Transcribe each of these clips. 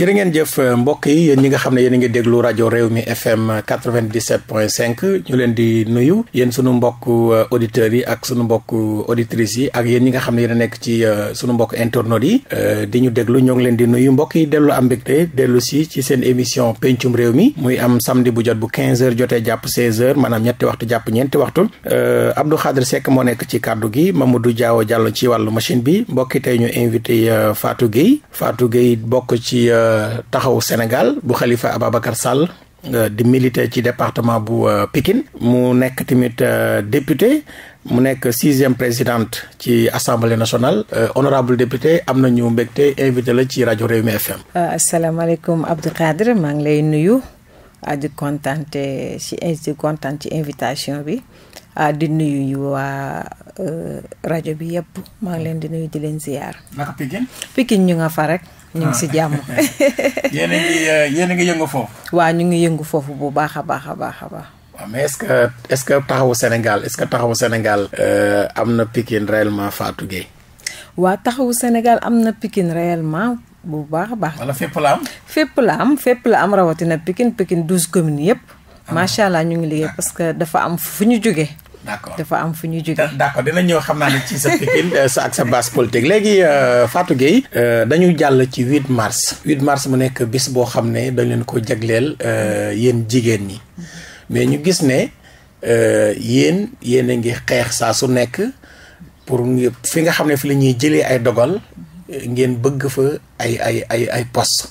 jërë ngeen jëf mbokk yi yéen ñi nga xam ne yéen a ngi déglu rajo réew mi FM quatre vingt point cinq ñu leen di nuyu yéen sunu mbokk euh, auditeurs yi ak sunu mbokk euh, auditrices yi ak yéen ñi nga xam ne yéen nekk ci euh, sunu mbokk internautes yi di ñu déglu ñoo ngi leen di nuyu mbokk yi dellu am mbégte dellu si ci seen émission pencum réew mi muy am samdi bu jot bu quinze heures jotee jàpp seize heures maanaam ñetti waxtu jàpp ñeenti waxtu Abdou Khadre Seck moo nekk ci kàddu gi Mamadou Diaw jàll ci wàllu machine bi mbokk yi tey ñu invité Fatou Gueye Fatou Gueye bokk ci. taxawu Sénégal bu Khalifa Ababacar Sall euh, di militer ci département bu euh, Pikine mu nekk tamit euh, député mu nekk sixième présidente ci assemblée nationale honorable député am na ñu mbégte invité la ci rajo Rewmi FM. asalaamaaleykum Abdou Khadre maa ngi lay nuyu. Ah, di kontaan ci kontaan ci invitation bi ah, di nuyu ñu waa rajo bi yëpp maa ngi leen di nuyu di leen ziyaar. naka Pikine. Pikine ñu nga fa rek. ñu ngi si ah. jàmm. yéen a ngi eh, a ngi yëngu foofu. waa ñu ngi yëngu foofu bu baax a baax a baax a baax. mais est-ce est-ce que taxawu Sénégal est-ce que taxawu Sénégal. Eh, am na pikin réellement Fatou Gueye. waa taxawu Sénégal am na Pikine réellement bu baax a baax. wala fépp la am. fépp la am fépp la am rawatina Pikine Pikine douze commune yëpp. Ah. macha allah ñu ngi liggéey parce que dafa am fu ñu jógee. d'accord dafa am fu ñu jóge d'accord dina ñëw xam naa ne ci sa Pikine euh, sa ak sa base politique léegi euh, Fatou Gueye euh, dañu jàll ci 8 mars 8 mars mu nekk bis boo xam ne dañ leen ko jagleel yéen jigéen ñi mais ñu gis ne yéen yéen a ngi xeex saa su nekk pour fi nga xam ne fi la ñuy jëlee ay dogal ngeen bëgg fa ay ay ay ay poste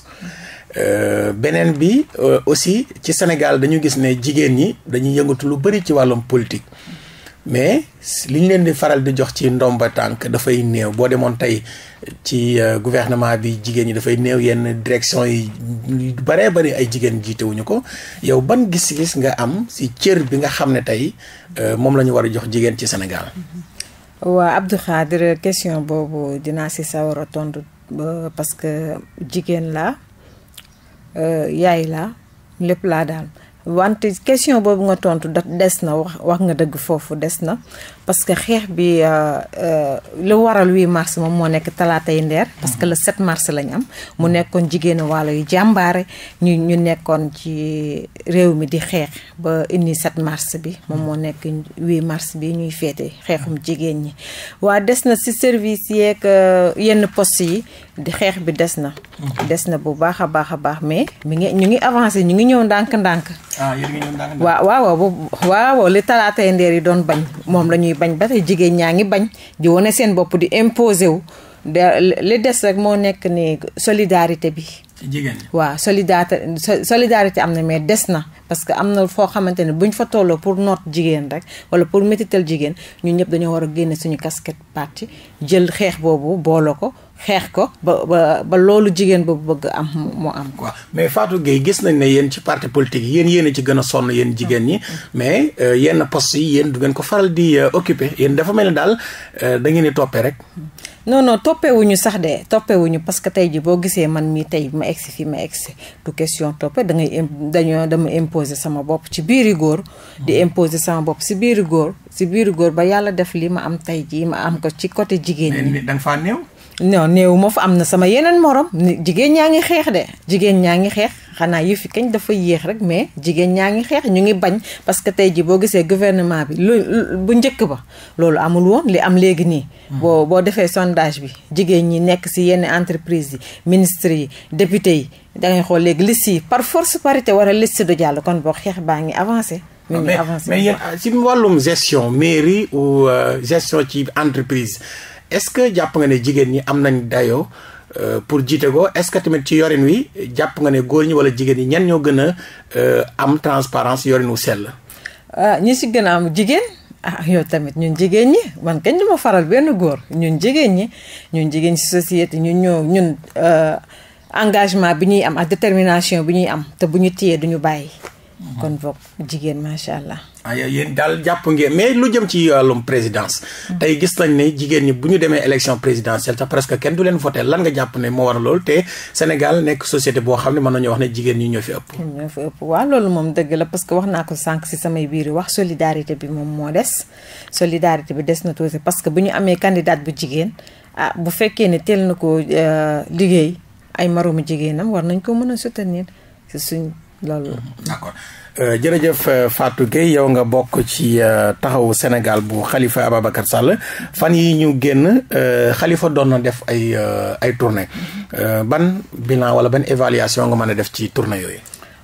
beneen bi aussi ci Sénégal dañu gis ne jigéen ñi dañuy yëngatu lu bari ci wàllum politique mais li ñu leen di faral di jox ci ndomba tànk dafay néew boo demoon tey ci euh, gouvernement bi jigéen ñi dafay néew yenn direction yi baree bari ay jigéen jiitewuñu ko yow ban gis-gis nga am si cër bi nga xam ne tey euh, moom la ñu war a jox jigéen ci senegal waa Abdou Khadir question boobu dinaa si sawar a tontu parce que jigéen laa euh, yaay la lépp laa daal. wante question boobu nga tontu des na wax wax nga dëgg foofu des na parce que xeex bi euh, euh, lu waral 8 mars moom moo nekk talaatay ndeer parce que le 7 mars lañ am mu nekkoon jigéenu waalo yu jàmbaare ñu ñu nekkoon ci réew mi di xeex ba indi 7 mars bi moom moo nekk 8 mars bi ñuy féete xeexum jigéen ñi waa des na si service yeeg euh, yenn poste yi di xeex bi des na des na bu baax a baax a baax mais mi ngi ñu ngi avancé ñu ngi ñëw ndànk ah, ndànk waaw waaw li talaatay ndeer yi doon bañ moom lañuy bañ ba tey jigéen ñaa ngi bañ di wane seen bopp di imposer wu de li des rek moo nekk ni solidarité bi jigéen waaw solidarité solidarité am na mais des na parce que am na foo xamante ne buñ fa tolloo pour noot jigéen rek wala pour métital jigéen ñun ñëpp dañoo war a génne suñu casquette parti jël xeex boobu booloo ko xeex ko ba ba loolu jigéen boobu bëgg am moo am. waaw mais Fatou Gueye gis nañ ne yéen ci parti politique yi yéen yéen a ci gën a sonn yéen jigéen ñi mais euh, yenn post yi yéen du ngeen ko faral di euh, occuper yéen dafa mel ni daal euh, da ngeen di toppee rek. non non toppewuñu sax de toppewuñu parce que tey ji boo gisee man mii tey ma egsi fi ma egsi du question toppe da ngay dañoo dama imposer sama bopp ci biiri góor di mm-hmm. imposer sama bopp si biiri góor si biiri góor ba yàlla def li ma am tey ji ma am ko ci côté jigéen ñi non néew ma fa am na sama yeneen morom jigéen ñaa ngi xeex de jigéen ñaa ngi xeex xanaa yëf yi kañ dafa yéex rek mais jigéen ñaa ngi xeex ñu ngi bañ parce que tey ji boo gisee gouvernement bi lu bu njëkk ba loolu amul woon li am léegi nii hmm. boo boo defee sondage bi jigéen ñi nekk si yenn entreprise yi ministre yi député yi dangay xool léegi liste yi par force parité war a liste du jàll kon boo xeex baa ngi avancé mais mais yéen si wàllum gestion mairie ou euh, gestion ci entreprise est-ce que jàpp nga ne jigéen ñi am nañ dayoo euh, pour jiite ko est-ce que tamit ci yorin wi jàpp nga ne góor ñi wala jigéen ñi ñan ñoo gën a euh, am transparence yorin wu sell. ah ñi si gën a am jigéen. ah yow tamit ñu jigéen ñi man kañ duma faral benn góor ñun jigéen ñi ñun jigéen ci societé ñu ñoo ñun euh, engagement bi ñuy am ak détermination bi ñuy am te bu ñu téyee duñu bàyyi. Mhm. kon boog jigéen macha allah. ay ah, yéen daal jàpp ngee mais lu jëm ci wàllum euh, présidence. tey gis nañ ne jigéen ñi bu ñu demee élection présidentielle sax presque kenn du leen voté lan nga jàpp ne moo war loolu te Sénégal nekk société boo xam ne mën nañu wax ne jigéen ñi ñoo fi ëpp. ñoo fi ëpp waaw loolu moom dëgg la parce que wax naa ko sànq si samay biir wax solidarité bi moom moo des solidarité bi des na tuuti parce que bu ñu amee candidat bu jigéen ah bu fekkee ne teel na ko euh, liggéey ay moromu jigéenam war nañ ko mën a soutenir si suñ Euh, jërëjëf euh, Fatou Gueye yow nga bokk ci euh, taxawu Sénégal bu xalifa Ababacar Sall fan yi ñu génn xalifa doon na def ay ay tournée ban bilan wala ban évaluation nga mën a def ci tournée yooyu.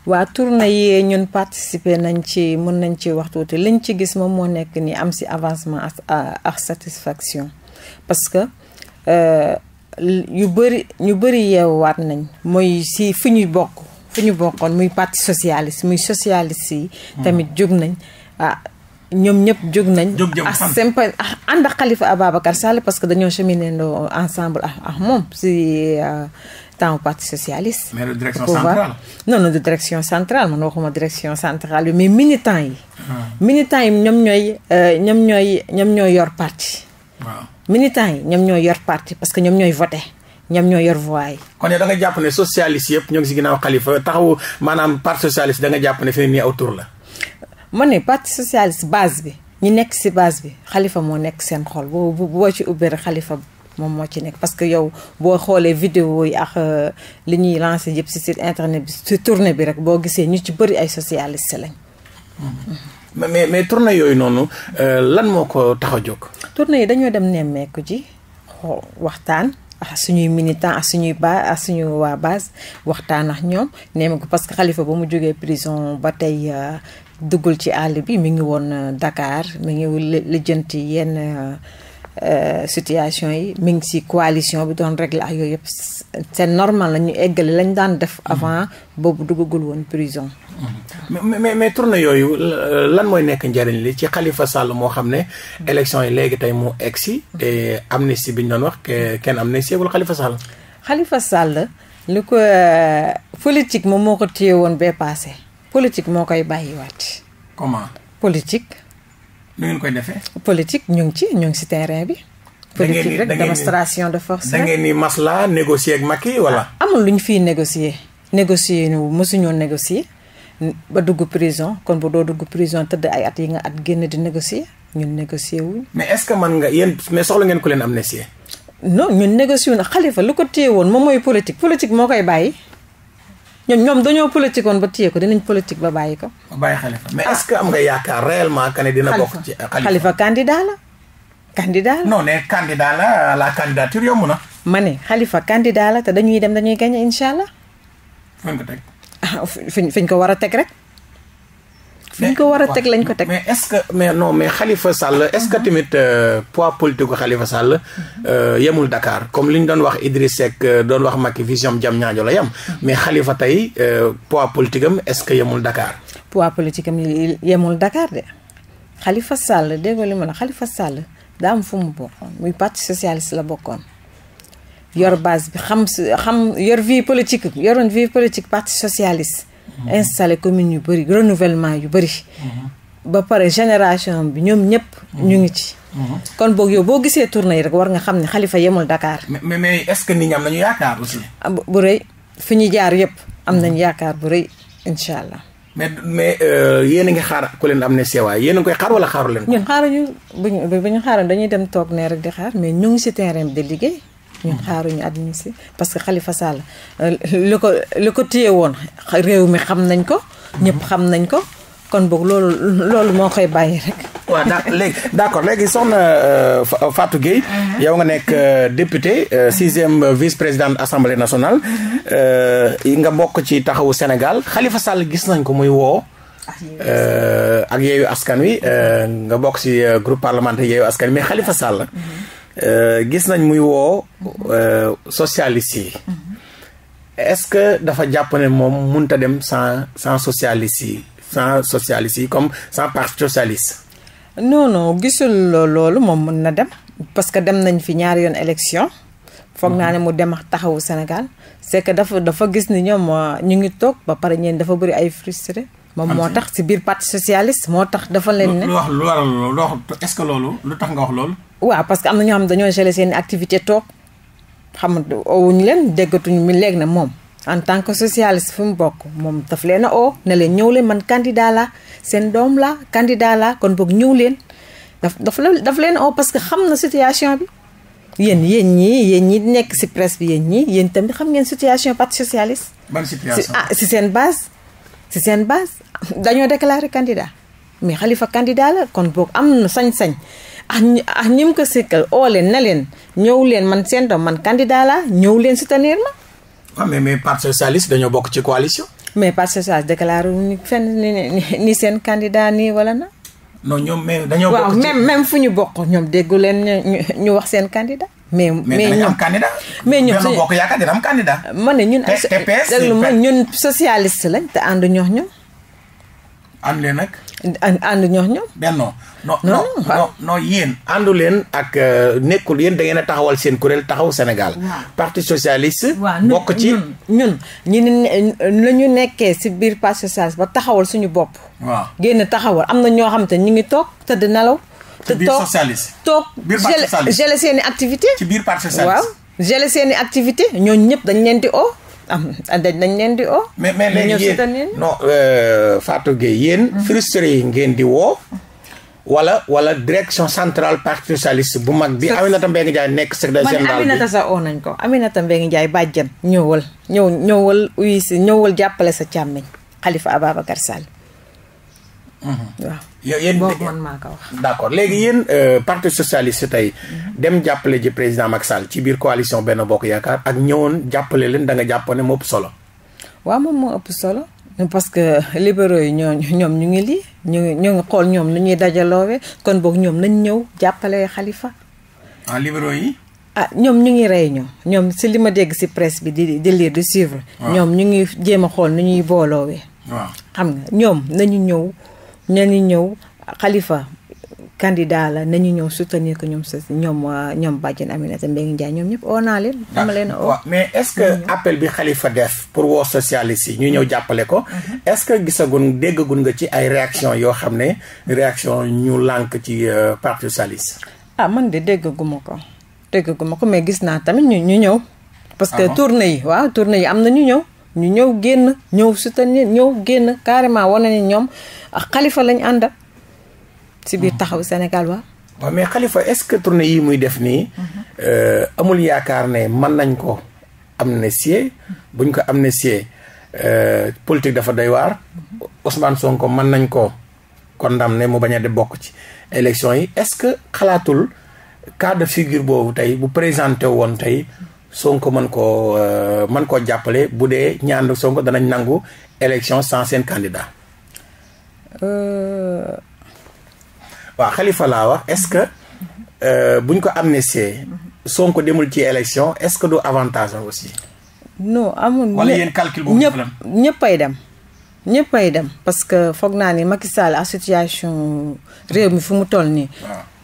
waa tournée yi ñun participer nañ ci mën nañ ci wax tuuti liñ ci gis moom moo nekk ni am si avancement ak satisfaction parce que. yu bëri ñu bëri yeewaat nañ mooy si fi ñuy bokk fi ñu bokkoon muy parti socialiste muy socialiste yi mm. tamit jóg nañ ah ñoom ñëpp jóg nañ ah simp ah, ànd ak Khalifa Ababacar Sall parce que dañoo cheminer ndoo ensemble ah ah moom si euh, temps parti socialiste mais direction centrale non non de direction centrale man waxuma direction centrale bi mais militant yi ah. militant yi ñoom ñooy euh, ñoom ñooy ñoom ñooy yor parti militant yi ñoom ñooy yor parti parce que ñoom ñooy voté ñoom ñoo yor yi. kon da nga jàpp ne socialiste yëpp ñoo ngi si ginnaaw Khalifa taxawu maanaam parti socialiste da jàpp ne fii nii aw tour la. ma ne parti socialiste base bi ñi nekk si base bi Khalifa moo nekk seen xol boo boo ci ubbee rek moom moo ci nekk parce que yow boo xoolee vidéo yi ak euh, li ñuy lancé yëpp si site internet bi si tournée bi rek boo gisee ñu ci bëri ay socialiste lañ. Mm-hmm. mais mais tournée yooyu noonu euh, lan moo ko tax a jóg. tournée yi dañoo dem nemmeeku ji waxtaan. ak suñuy militants ak suñuy ba ak suñu waa base waxtaan ak ñoom nee ko parce que Khalifa ba mu jógee prison ba tey euh, duggul ci àll bi mi ngi woon euh, Dakar mi ngi lijjanti yenn. Euh, Euh, situation yi mi ngi ci coalition bi doon régler ak yooyu yëpp c'est normal la ñu eggale lañ daan def avant boobu duggagul woon prison mais mais mais tournée yooyu lan mooy nekk njariñ li ci xalifa Sall moo xam ne élection yi léegi tey mu eggsi te amnistie bi ñu doon wax kenn amnistie wul Khalifa Sall Khalifa Sall li ko euh, politique moom moo ko téye woon bee passé politique moo koy bàyyiwaat comment politique nu ngeen koy defee. politique ñu ngi ci ñu ngi si terrain bi. politique rek démonstration de force da ngeen ni masla négocier ak Macky wala. Ah, amul lu ñu fiy négocier négocier ñu mosuñoo négocier ba dugg prison kon bu doo dugg prison tëdd ay at yi nga at génn di négocier ñun négocier wuñ. mais est-ce que man nga yéen mais soxla ngeen ku leen amnistier. non ñun négocier wuñ xalifa lu ko téye woon moom mooy politique politique moo koy bàyyi. ñoom ñoom dañoo politique woon ba téye ko dinañ politique ba bàyyi ko. bàyyi xalifa mais ah. est que am nga yaakaar réellement que ne dina bokk ci. xalifa euh, la. candidat la non mais la la candidature yomb na. ma ne xalifa candidat la te dañuy dem dañuy gagné incha allah. fañ fi ñu ko war a teg rek. fi ñu ko war a teg lañ ko teg. mais est que mais no mais Khalifa Sall est-ce que tamit euh, poids politique gu Khalifa Sall euh, yemul dakaar comme li ñu doon wax Idriss Seck euh, doon wax Macky vision jam ñaajo la mais Khalifa tey poids politique am ce que yemul Dakar. poids politique am yemul Dakar de Khalifa Sall déggoo li ma la Khalifa Sall daa am fu mu bokkoon muy parti socialiste la bokkoon. yor base bi xam xam yor vie politique yoroon vie politique parti socialiste installé communes yu bëri renouvellement yu bëri. Mhm. ba pare génération bi ñoom ñëpp. ñu mhm. ngi ci. Mhm. kon boog yow boo gisee tournée yi rek war nga xam ne xalifa yemul Dakar. mais mais est-ce que nit ñi am nañu yaakaar aussi. Ah, bu rëy fi ñu jaar yëpp am nañ yaakaar bu rëy incha allah. mais mais euh, yéen a ngi xaar ku leen am ne seewaay yéen a ngi koy xaar wala xaaru leen. ñun xaaruñu bu ñu bu ñu xaaroon dañuy dem toog nee rek di xaar mais ñu ngi si terrain bi di liggéey. ñu xaaruñu administré parce que Khalifa Sall euh, li ko li ko téye woon réew mi xam nañ ko ñëpp xam nañ ko kon boog loolu loolu moo koy bàyyi rek waaw léegi d'accord léegi soxna euh, Fatou Gueye uh-huh. yow nga nekk euh, député sixième vice-présidente assemblée nationale uh-huh. nga bokk ci taxawu Sénégal xalifa Sall gis nañ ko muy woo ah, ak yeeyu askan wi nga bokk ci groupe parlementaire yeeyu askan wi mais Khalifa Sall uh-huh. Euh, gis nañ muy woo euh, socialiste yi mm-hmm. est-ce que dafa jàpp ne moom munta dem sans sans socialiste yi sans socialiste yi comme sans parti socialiste non non gisul loolu moom mën na dem parce que dem nañ fi ñaari yoon élection foog naa ne mu dem ak taxawu Sénégal c'est que dafa dafa gis ni ñoom euh, ñu ngi toog ba pare ñeen dafa bëri ay frustré moom moo tax si biir parti socialiste moo tax dafa leen lu wax lu waral loolu est-ce que loolu lu tax nga wax loolu. waaw parce que am na ñoo xam dañoo gelé seen activité toog xam nga owuñu leen déggatuñu mi léegi na moom. en tant que socialiste fi mu bokk moom daf leen a leen ñëw leen man candidat la seen doom la candidat la kon boog ñëw leen daf daf daf leen oo parce que xam na situation bi. yéen yéen ñii yéen nekk si presse yéen ñii yéen tamit xam ngeen situation parti socialiste. ban situation ah si seen base. ci seen base dañoo déclaré candidat mais xalifa candidat la kon boo am na sañ-sañ ah ah ñim ko sikkal oo leen na leen ñëw leen man seen doom man candidat la ñëw leen soutenir ma. waaw mais mais parti socialiste dañoo bokk ci coalition. mais parti socialiste déclaré wuñu fenn ni seen candidat nii wala na. non ñoom mais dañoo. bokk ci waaw même même fu ñu bokk ñoom déggu leen ñu ñu wax seen candidat. mais mais ñoom mais ñoom suñu bokk yaakaar dina am candidat. ma ne ñun ay déglu ma ñun socialiste lañ te ànd ñoox ñoom. ànd leen nag. ànd ñoox ñoom. benno non non non non yéen. àndu leen ak euh, nekkul yéen da taxawal seen kuréel taxaw Sénégal. parti socialiste. bokk ci ñun ñun ñu ne ñu nekkee si biir parti socialiste ba taxawal suñu bopp. waaw génn taxawal am na ñoo xam te ñu ngi toog tëdd nelaw. te biir socialiste toog toog gele seen activité ci biir parti socialiste waaw gele seen i activité ñooñu ñëpp dañ leen di o am dañ leen di o mais mais léegi yéen non euh, Fatou Gueye yéen mm-hmm. frustré yi ngeen di woo wala wala direction centrale parti socialiste bu mag bi Aminata Mbengue Ndiaye nekk secrétaire général bi Aminata sax oo nañ ko Aminata Mbengue Ndiaye bàjjan ñëwal ñëw ñëwal uy si ñëwal jàppale sa càmmiñ xalifa Ababacar Sall mm-hmm. yéen boobu man maa ko wax. d' accord léegi yéen euh, parti socialiste tey dem jàppale ji président Macky Sall ci biir coalition benn bokk yaakaar ak ñëwoon jàppale leen da nga jàpp ëpp solo. waaw moom moo ëpp solo. parce que libéraux yi ñoo ñoom ñu ngi lii ñu ngi ñu ngi xool ñoom lu ñuy dajaloowee kon boog ñoom nañ ñëw jàppale xalifa ah libéraux yi. ah ñoom ñu ngi rey ñoom ñoom si li ma dégg si presse bi di di lire di suivre. Ah. ñoom ñu ngi jéem a xool nu ñuy booloowee. waaw xam ñoom nañu ñëw. nañu ñëw Khalifa candidat la nañu ñëw soutenir que ñoom sa ñoom ñoom Badiane Aminata Mbengue Ndiaye ñoom ñëpp oo naa leen. dama leen mais est-ce que appel bi xalifa def pour woo socialiste yi ñu ñëw jàppale ko. Mhm. est-ce que gisagun déggagun nga ci ay réaction yoo xam ne réaction ñu lànk ci euh, parti socialiste. ah man de déggaguma ko déggaguma ko mais gis naa tamit ñu ñu ñëw. parce que ah tournée yi waaw tournée yi am na ñu ñëw. ñu ñëw génn ñëw soutenir ñëw génn carrément wane ni ñoom xalifa lañ ànda si biir mm-hmm. taxaw Sénégal wa mais xalifa est-ce que tournée yi muy def nii mm-hmm. euh, amul yaakaar ne man nañ ko amnistier mm-hmm. buñ ko amnistier euh, politique dafa doy waar Ousmane Sonko mën nañ ko condamné mu bañ di bokk ci élection yi est-ce que xalaatul cas de boobu tey bu présenté woon tey Sonko man koo euh, mën koo jàppale bu dee ñi ànd ak Sonko danañ nangu élection sans seen candidat. Euh. waaw xalifa laa wax est-ce que euh, buñ ko amnistie Sonko demul ci élection est-ce que du avantage am aussi. non amul wala yéen calcul boobu ñëpp ñëppay dem. ñëppay dem parce que foog naa ni Macky Sall association réew mi fu mu toll nii.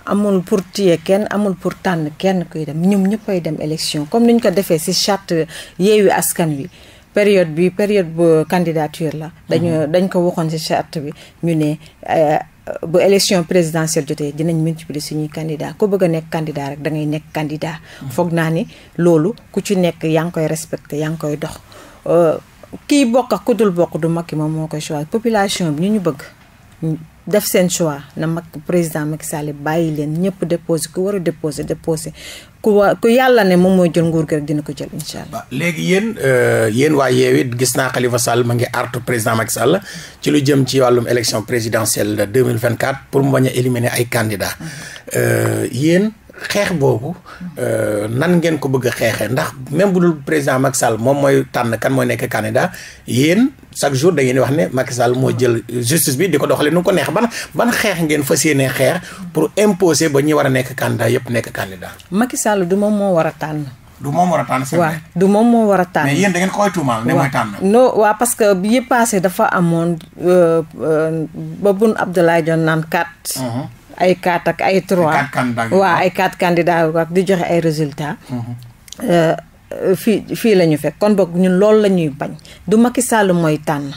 amul pour téye kenn amul pour tànn kenn kuy dem ñoom ñëppay dem élection comme ni ñu ko defee ci charte yeewi askan wi période bi période bu candidature la. dañu mhm. dañ ko waxoon ci charte bi ñu ne. Euh, bu élection présidentielle jotee dinañ multiplier suñuy candidat ko bëgg a nekk candidat rek da ngay nekk candidat mhm. foog naa ni loolu ku ci nekk yaa ngi koy respecté yaa ngi koy dox euh, kiy bokk ak ku dul bokk du Macky moom moo koy choisir population bi ñu ñu bëgg def seen choix na mag président Macky Sall bàyyi leen ñëpp déposé ku war a déposé déposé ku wa ku yàlla ne moom mooy jël nguur gi rek dina ko jël incha allah. léegi yéen euh, yéen waa Yewwi gis naa Khalifa Sall ma ngi artu président Macky Sall ci lu jëm ci wàllum élection présidentielle de 2024 pour mu bañ a éliminer ay candidats mm-hmm. euh, yéen. xeex boobu euh, nan ngeen ko bëgg a xeexee ndax même bu dul président Macky Sall moom mooy tànn kan mooy nekk candidat yéen chaque jour da ngeen wax ne Macky moo jël justice bi di ko doxalee nu ko neex ban ban xeex ngeen fas yéenee xeex pour imposer ba ñi war a nekk candidat yëpp nekk candidat. Macky Sall du moom moo war a tànn. du moom war a tànn c'est moom moo war a tànn. yéen da ngeen koy tuumaal ne mooy tànn. non waaw parce que bi passé dafa amoon euh, euh, ba bun Abdoulaye Dione naan kat. ay quatre ak ay trois waaw ay quatre candidats ak di joxe ay résultats mhm. euh, fii fii la ñu fekk kon boog ñun loolu la ñuy bañ du Macky Sall mooy tànn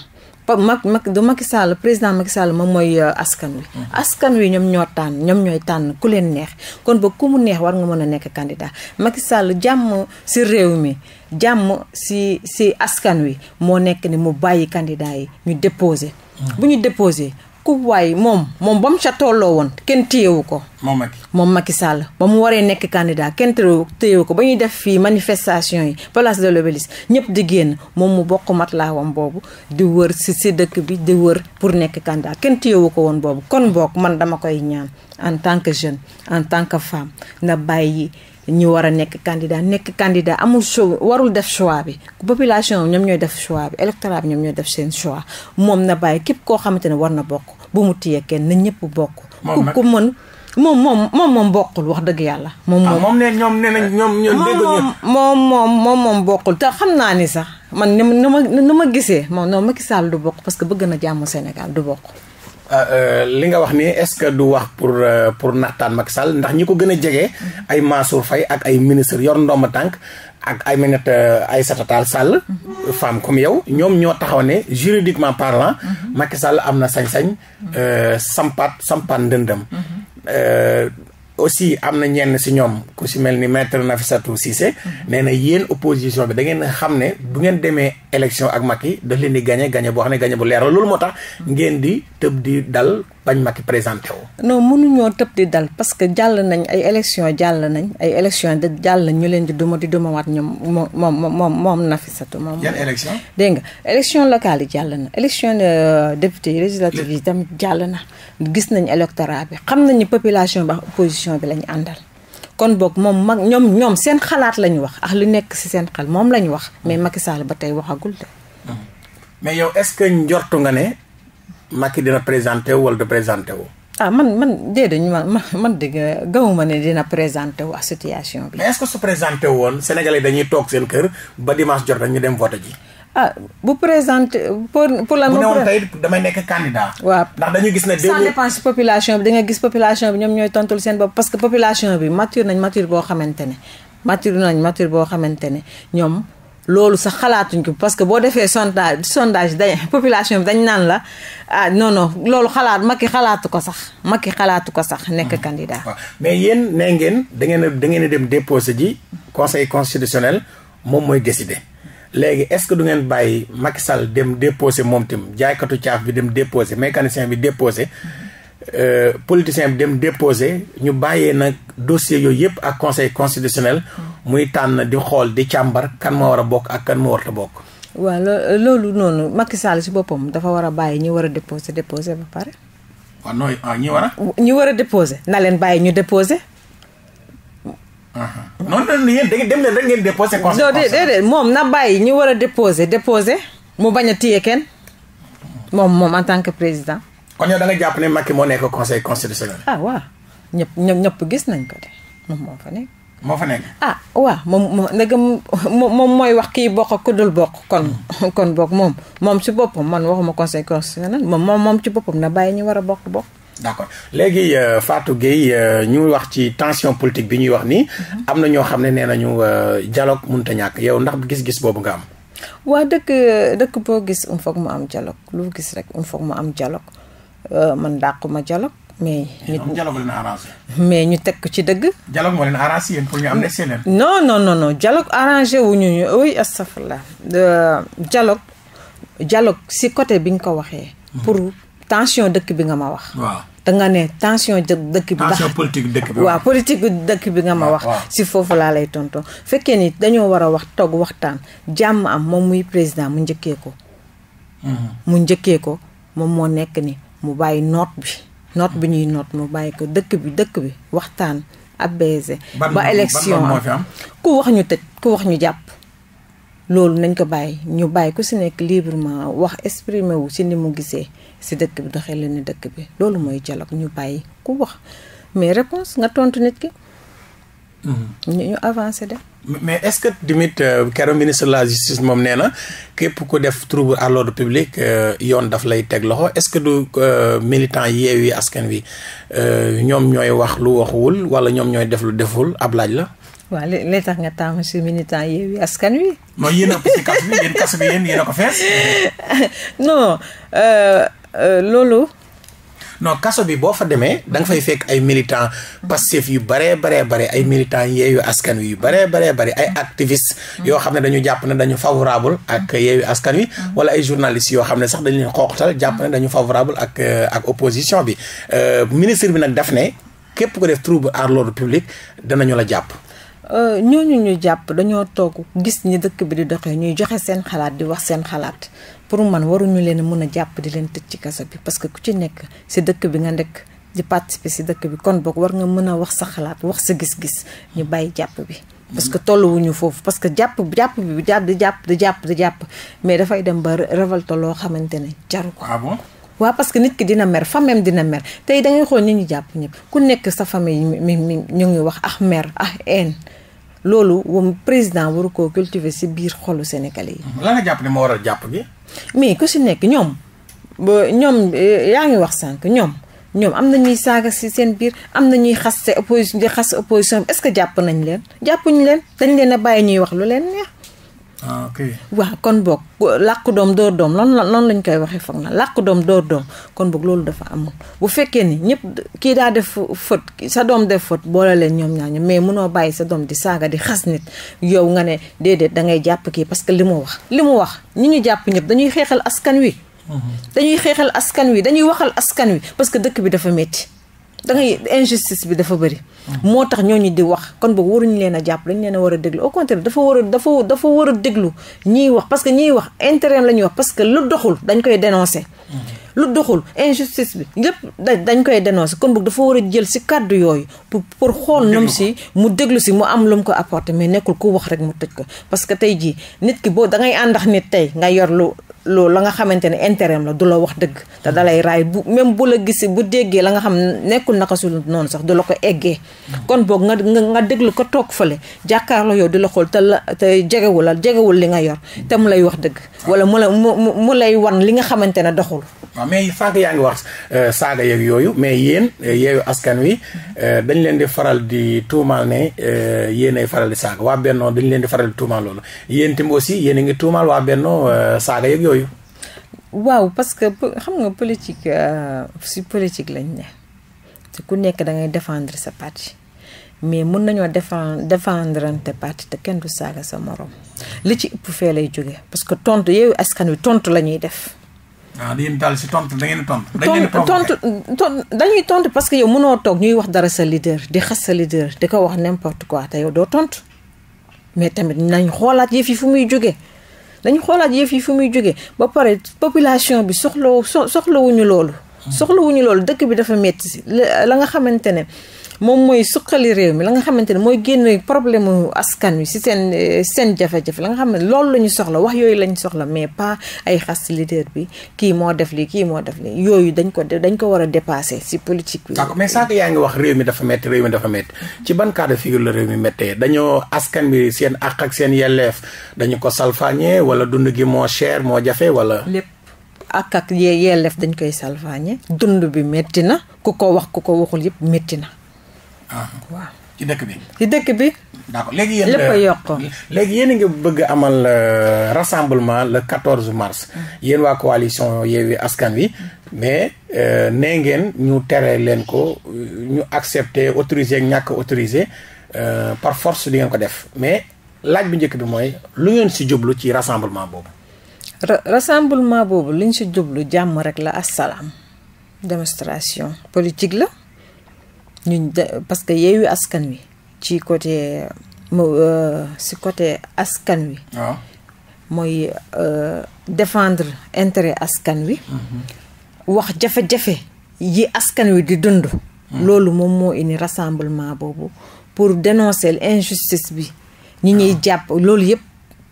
Mak Mak du Macky Sall président Macky Sall moom mooy euh, askan wi. Mhm. askan wi ñoom ñoo tànn ñoom ñooy tànn ku leen neex kon ba ku mu neex war nga mën a nekk candidat Macky Sall jàmm ci réew mi jàmm si si askan wi moo nekk ni mu bàyyi candidat yi ñu déposé. Mhm. bu ñu déposé takkuwaay moom moom ba mu ca tolloo woon kenn téyewu ko. moom Macky moom Macky Sall ba mu waree nekk candidat kenn téyewu ko ba ñuy def fii manifestation yi place de l'Obélisque ñëpp di génn moom mu bokk mat laa matlaawam boobu di wër si si dëkk bi di wër pour nekk candidat kenn téyewu ko woon boobu kon bokk man dama koy ñaan en tant que jeune en tant que femme na bàyyi. ñi war a nekk candidat nekk candidat amul choix warul def choix bi population ñoom ñooy def choix bi électorat bi ñoom ñooy def seen choix moom na bàyyi képp koo xamante ne war na bokk bu mu téye kenn na ñëpp bokk ku ko mën moom moom moom moom bokkul wax dëgg yàlla moom ah, moom ne ñoom nee nañ ñoom ñoom moom moom moom moom bokkul te xam naa ni sax man ni ma ni ma gisee moom noonu Macky Sall du bokk parce que bëgg na jàmm Sénégal du bokk Ah, euh, li nga wax ni est-ce que du wax pour euh, pour naxtaan Macky Sall ndax ñi ko gën a jege. ay Mansour fay ak ay ministre yor ndomba tànk ak ay menet euh, ay Tall Sall. femme comme yow ñoom ñoo taxaw ne juridiquement parlant. Macky Sall am na sañ-sañ. sampaat sampaat ndëndam. aussi am na ñenn si ñoom ku si mel ni maître Nafissatou Cissé mhm. nee na yéen opposition bi da ngeen xam ne bu ngeen demee élection ak Macky daf leen di gagné gagné boo xam ne gagné bu leer la loolu moo tax mhm. ngeen di tëb di dal bañ Macky présenté wu. non mënuñoo tëb di dal parce que jàll nañ ay élection nañ ay de jàll ñu leen di duma di dumawaat ñoom moom moom moom moom Nafissatou moom. yan élection. dégg nga élection locale yi jàll na élection euh, député yi législative yi tamit jàll na gis nañ électorat bi xam nañu population bi ak opposition bi lañu àndal. kon boog moom mag ñoom ñoom seen xalaat la ñu wax ak lu nekk ci seen xel moom la ñu wax mais Macky Sall ba tey waxagul de. mais yow est-ce que njortu nga ne Macky dina présenté wu wala du présenté wu. ah man man déedéet ñu man man dëgg gawuma ne dina présenté wu ak situation bi. mais est-ce woon Sénégalais dañuy toog seen kër ba dimanche jot rek ñu dem voté ji. ah bu présenté pour pour la. mu ne woon tey damay waaw ndax dañu gis ne. ça population bi da nga gis population bi ñoom ñooy tontul seen bopp parce que population bi mature nañ mature boo xamante ne mature nañ mature boo xamante ne ñoom. loolu sax xalaatuñ ko parce que boo defee sondage sondage dañ population bi dañ naan la ah non loolu xalaat Macky xalaatu ko sax Macky xalaatu ko sax nekk ah, candidat mais yéen nee ngeen da ngeen a a dem déposé ji conseil constitutionnel moom mooy décidé léegi est-ce que du ngeen bàyyi Macky sal dem déposé moom tam jaaykatu caaf bi dem déposé mécanicien bi déposé euh, politicien bi dem déposé ñu bàyyee nag dossier yooyu yëpp ak conseil constitutionnel muy tànn di xool di càmbar kan moo war a bokk ak kan moo warta bokk. waaw loolu noonu makki Sall si boppam dafa war a bàyyi ñi war a déposé déposé ba pare. waaw nooy ah, ñi war a. war a déposé na leen bàyyi ñu déposé. Uh-huh. noonu la yéen da dem ne rek ngeen déposé. non déedéet moom na bàyyi ñi war a déposé déposé mu bañ a téye kenn moom moom en tant que président. kon yow da nga jàpp ne Macky moo nekk conseil constitutionnel. ah waaw ñëpp ñëpp gis nañ ko de moom moo fa nekk. moo fa nekk. ah waaw moom ndegam moom mooy wax kii bokk ak ku bokk kon kon bokk moom moom ci boppam man waxuma conséquence na moom moom moom ci boppam na bàyyi ñu war a bokk bokk. d'accord léegi euh, Fatou Gueye euh, ñu wax ci tension politique bi ñuy wax nii mhm. am na ñoo xam ne nee nañu euh, dialogue mënut a ñàkk yow ndax gis-gis boobu nga am. waa dëkk dëkk boo gis um foog mu am dialogue lu gis rek um foog mu am dialogue man dàquma dialogue mais dialogue leen arrangé. mais ñu teg ko ci dëgg. dialogue moo leen arrangé yéen pour ñu am des leen. non non non non dialogue arrangé wu ñu ñu astaf astafurlah. dialogue jaloog si côté bi nga ko waxee. Hmm. pour tension dëkk bi nga ma wax. waaw da nga ne tension dëkk bi. tension politique dëkk bi waaw dëkk bi nga ma wax. si foofu laa lay tontoo fekkee ni dañoo war a wax toog waxtaan jàmm am moom muy président mu njëkkee ko. Hmm. mu njëkkee ko moom moo nekk ni mu bàyyi noot bi. noot bu ñuy noot mu bàyyi ko dëkk bi dëkk bi waxtaan ab apaisé ba élection am ku wax ñu tëj ku wax ñu jàpp loolu nañ ko bàyyi ñu bàyyi ku si nekk librement wax exprimé wu si ni mu gisee si dëkk bi doxee leen dëkk bi loolu mooy dialogue ñu bàyyi ku wax mais réponse nga tontu nit ki ñu avancé de. mais est-ce que tamit euh, keroog ministre de la justice moom nee na képp ku def trouble à l'ordre euh, yoon daf lay teg loxo est-ce que du euh, militant yi Askan Wi ñoom ñooy wax lu waxuwul wala ñoom ñooy def lu deful ab laaj la. waaw li li tax nga taamu si militant Yewwi Askan Wi. mooy yéen a si kaso bi yéen kaso bi yéen yéen a ko fees. non loolu. non kaso bi boo fa demee da fay fekk ay militants Pastef yu baree baree bare ay militants yeeyu askan wi yu baree baree bare ay activistes yoo xam ne dañu jàpp ne dañu favorable ak yeeyu askan wi wala ay journalistes yoo xam ne sax dañu leen xooqatal jàpp ne dañu favorable ak euh, ak opposition bi euh, ministre bi nag daf ne képp ko def trouble à l'ordre public danañu la jàpp euh, ñooñu ñu jàpp dañoo toog gis ñi dëkk bi di doxee ñuy joxe seen xalaat di wax seen xalaat pour man waruñu leen mun a jàpp di leen tëj ci kaso bi parce que ku ci nekk si dëkk bi nga nekk di participer si dëkk bi kon boog war nga mën a wax sa xalaat wax sa gis-gis ñu bàyyi jàpp bi parce que tolluwuñu foofu parce que jàpp jàpp bi jàpp di jàpp di jàpp mais dafay dem ba révolte loo xamante ne jaru ko waa ah bon parce que nit ki dina mer famem dina mer tey dangay xool ñi ñu jàpp ñëpp ku nekk sa famille mi mi ñu ngi wax ah mer ah haine loolu wam président waru ko cultiver si biir xolu sénégalais yi. la nga jàpp ne moo war a jàpp gi. mais ku si nekk ñoom ba ñoom eh, yaa ngi wax sànq ñoom. ñoom am na ñuy saaga si seen biir am na ñuy xas sa opposition di xas opposition est-ce que jàpp nañ leen jàpp ñu leen dañ leen a bàyyi ñuy wax lu leen neex Ah, waaw kon boog làkk doom door doom loolu loolu lañ koy waxee foog na làkk doom door doom kon boog loolu dafa amul bu fekkee ni ñëpp kii daa def fët sa doom def fët boole leen ñoom ñaañu mais munoo bàyyi sa doom di saaga di xas nit yow nga ne déedéet da ngay jàpp kii parce que li mu wax li mu wax ñi ñu jàpp ñëpp dañuy xeexal askan wi mhm. dañuy xeexal askan wi dañuy waxal askan wi parce que dëkk bi dafa métti da ngay injustice bi dafa bëri moo tax ñoo ñooñu di wax kon boog waruñu leen a jàpp dañ leen a war a déglu au contraire dafa war a dafa dafa war a déglu ñiy wax parce que ñiy wax intérêt la ñuy wax parce que lu doxul dañ koy dénoncer. Mm-hmm. lu doxul injustice bi lépp dañ koy dénoncer kon boog dafa war a jël si kàddu yooyu pour pour xool nam si mu déglu si mu am lu mu ko apporter mais nekkul ko wax rek mu tëj ko parce que tey jii nit ki boo dangay àndax nit tey nga yor lu loolu la nga xamante ne intérêt am la du la wax dëgg te dalay raay bu même bu la gis bu déggee la nga xam nekkul naka su noonu sax du la ko eggee kon boo nga nga déglu ko toog fale jàkkaarloo yow di la xool te la te jegewul la jegewul li nga yor te mu lay wax dëgg wala mu la mu mu lay wan li nga xamante ne doxul waaw mais saaga yaa ngi wax euh, saaga yeeg yooyu mais yéen euh, yeeyu askan wi euh, dañ leen di faral di tuumaal ne yéenay faral di saaga waa bennoo dañ leen di faral di tuumaal loolu yéen tim aussi yéen a ngi tuumaal waa bennoo saaga yooyu. waaw parce que xam nga politique euh, si politique lañ ne te ku nekk da ngay défendre sa parti mais mun nañoo défendre nte parti te kenn du saaga sa morom li ci ëpp fee lay jóge parce que tont yooyu askan wi tont la ñuy def. waaw dañuy daal si tontu da ngeen tontu. tontu tontu dañuy tontu parce que yow mënoo toog ñuy wax dara sa leader di xas sa leader di ko wax n'importe quoi te yow doo tontu mais tamit nañ xoolaat yëf yi fu muy jóge dañ xoolaat yëf yi fi muy jógee ba pare population bi soxlawu soxlawuñu loolu hmm. soxlawuñu loolu dëkk bi dafa metti la nga xamante ne moom mooy suqali réew mi la nga xamante ne mooy génn problème askan wi si seen seen jafe-jafe la nga xam ne loolu la ñu soxla wax yooyu lañ soxla mais pas ay xas leader bi kii moo def lii kii moo def lii yooyu dañ ko dañ ko war a dépasé si politique bi. d'accord mais sànq yaa ngi wax réew mi dafa métti réew mi dafa métti ci ban cas de la réew mi méttee dañoo askan bi seen àq ak seen yelleef dañu ko salfaañee wala dund gi moo cher moo jafe wala. lépp ak ak yelleef koy salfaañee. dund bi métti na ku ko wax ku ko waxul yëpp métti na. waaw ci dëkk bi. ci dëkk bi. d'accord léegi yéen lépp a euh, yokk. léegi yéen ngi bëgg amal euh, rassemblement la 14 mars. Mm. yéen waa coalition Yewwi Askan Wi. Mm. mais euh, nee ngeen ñu tere leen ko ñu accepter autoriser ak ñàkk autoriser par force di ngeen ko def mais laaj bu njëkk bi mooy lu ngeen si jublu ci rassemblement boobu. rassemblement boobu liñ si jublu jàmm rek la asalaam démonstration politique la. ñun parce que yeewu askan wi ci côté si euh, côté askan wi ah. mooy euh, défendre intérêt askan wi mhm. wax jafe-jafe yi askan wi di dund mhm. loolu moom moo indi rassemblement boobu pour dénoncer l'injustice bi ñi ñuy ah. jàpp loolu yëpp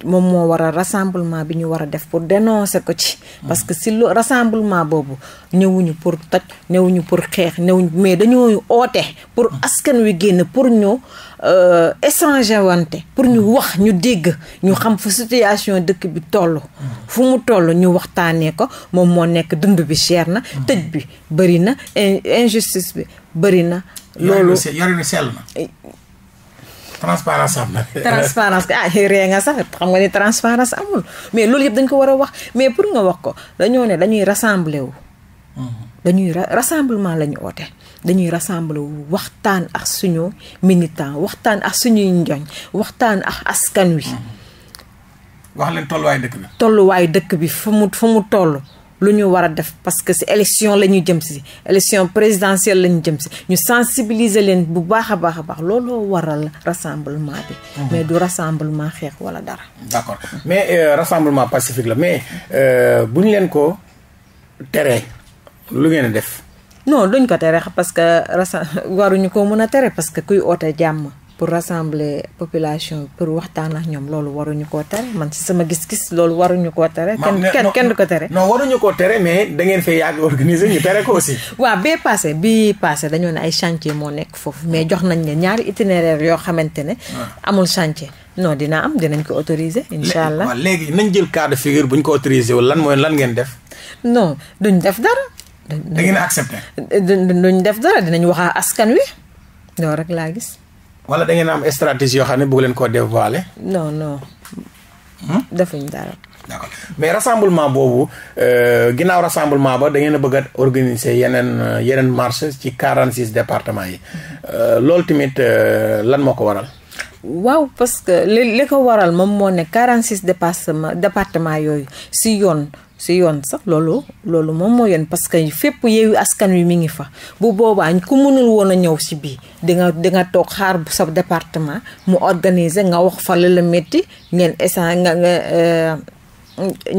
moom moo waral rassemblement bi ñu war a def pour dénoncer ko ci. parce que si lo rassemblement boobu ñëwuñu pour taj ñëwuñu pour xeex ñëwuñu mais dañoo oote pour askan wi génn pour ñu euh, échanger wante pour ñu wax ñu dégg ñu xam fu situation dëkk bi toll. fu mu toll ñu waxtaanee ko moom moo nekk dund bi cher na. tëj bi bëri na injustice bi bëri na. loolu yore na. transparence am na. transparence ah réer nga sax xam nga ni transparence amul mais loolu yëpp dañ ko war a wax mais pour nga wax ko dañoo ne dañuy rassembler wu. Mm-hmm. dañuy rassemblement la ñu oote dañuy rassembler wu waxtaan ak suñu militant waxtaan ak suñuy njoñ waxtaan ak askan wi. Mm-hmm. wax leen tolluwaay dëkk bi. tolluwaay dëkk bi fu mu fu mu toll. lu ñu war a def parce que si élection la ñu jëm si élection présidentielle la ñu jëm si ñu sensibiliser leen bu baax a baax a baax looloo waral rassemblement bi. Mhm. mais du rassemblement xeex wala dara. d'accord mais euh, rassemblement pacifique la mais euh, bu ñu leen ko teree lu ngeen def. non duñ ko tere parce que rasa waruñu ko mën a tere parce que kuy oote jàmm. pour rassembler population pour waxtaan ak ñoom loolu waruñu koo tere man si sama gis-gis loolu waruñu koo tere. kenn kenn kenn du ko tere. no waruñu koo tere mais dangeen ngeen fee yàgg organiser ñu tere ko aussi. waaw bee passé bii passé dañoo ne ay chantier moo nekk foofu mais jox nañ ne ñaari itinéraire yoo xamante ne. Ah. amul chantier. non dina am dinañ ko autoriser. incha allah léegi nañ jël cas de figure bu ñu ko autoriser wala lan mooy lan ngeen def. no duñ def dara. da ngeen accepté. duñ def dara dinañ wax askan wi loolu rek laa gis. wala da ngeen am stratégie yoo xam ne bëgg leen koo dévoiler. non non. Hmm? defuñ dara. mais rassemblement boobu euh, ginnaaw rassemblement ba da ngeen a bëgg a organiser yeneen euh, yeneen marche ci 46 départements yi euh, loolu tamit lan moo ko waral. waaw parce que li li ko waral moom moo ne 46 département département yooyu si yoon si yoon sax loolu loolu moom moo yoon parce que fépp yeewu askan wi mi ngi fa bu boobaa ku mënul woon a ñëw si bii di nga di toog xaar sa département mu organiser nga wax fa la la métti ngeen échange nga nga euh,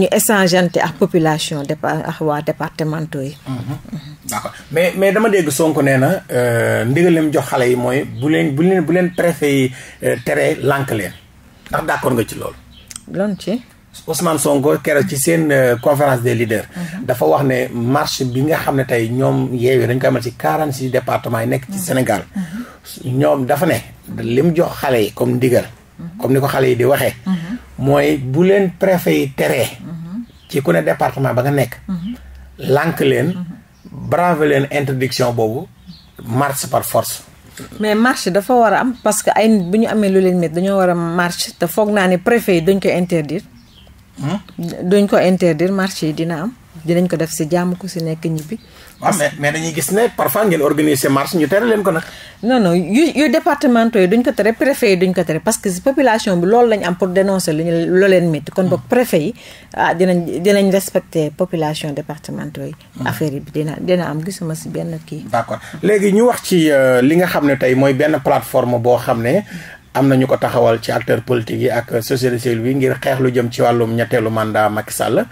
ñu échangeante ak population départ ak waa départementaux yi. Mm-hmm. Mm-hmm. mais mais dama dégg Sonko nee na euh, ndigalem jox xale yi mooy bu leen bu leen bu leen préfet yi euh, tere lànk leen ndax d'accord nga ci loolu. loolu ci. Ousmane Sonko keroog ci seen euh, conférence des leaders. Mhm. dafa wax ne marche bi nga xam ne tey ñoom yeewee dañ koy amal ci quarante six départements yi nekk ci mhm. Sénégal. Mhm. ñoom dafa ne li mu jox xale yi comme ndigal. comme ni ko xale yi di waxee. mooy bu leen préfet yi teree. ci ku ne département ba nga nekk. lànk leen. brave leen interdiction boobu marche par force. mais marche dafa war a am parce que ay nit bu ñu amee lu leen métti dañoo war a marche te foog naa ne préfet yi duñ ko interdire marché yi dina am dinañ ko def si jàmm ku si nekk ñibbi. waaw mais mais dañuy gis ne parfois ngeen organiser marche ñu tere leen ko nag. non non yu yu yi duñ ko tere préfet yi duñ ko tere parce que si population bi loolu lañ am pour dénoncer lu ñu leen métti kon boog hmm. préfet yi ah, dinañ dinañ respecter population départementaux yi. Hmm. affaire yi dina dina am gisuma si benn kii. d' léegi ñu wax ci euh, li nga xam ne tey mooy benn plateforme boo xam ne am na ñu ko taxawal ci acteur politique yi ak société civile bi ngir xeex lu jëm ci wàllum ñetteelu mandat Macky Sall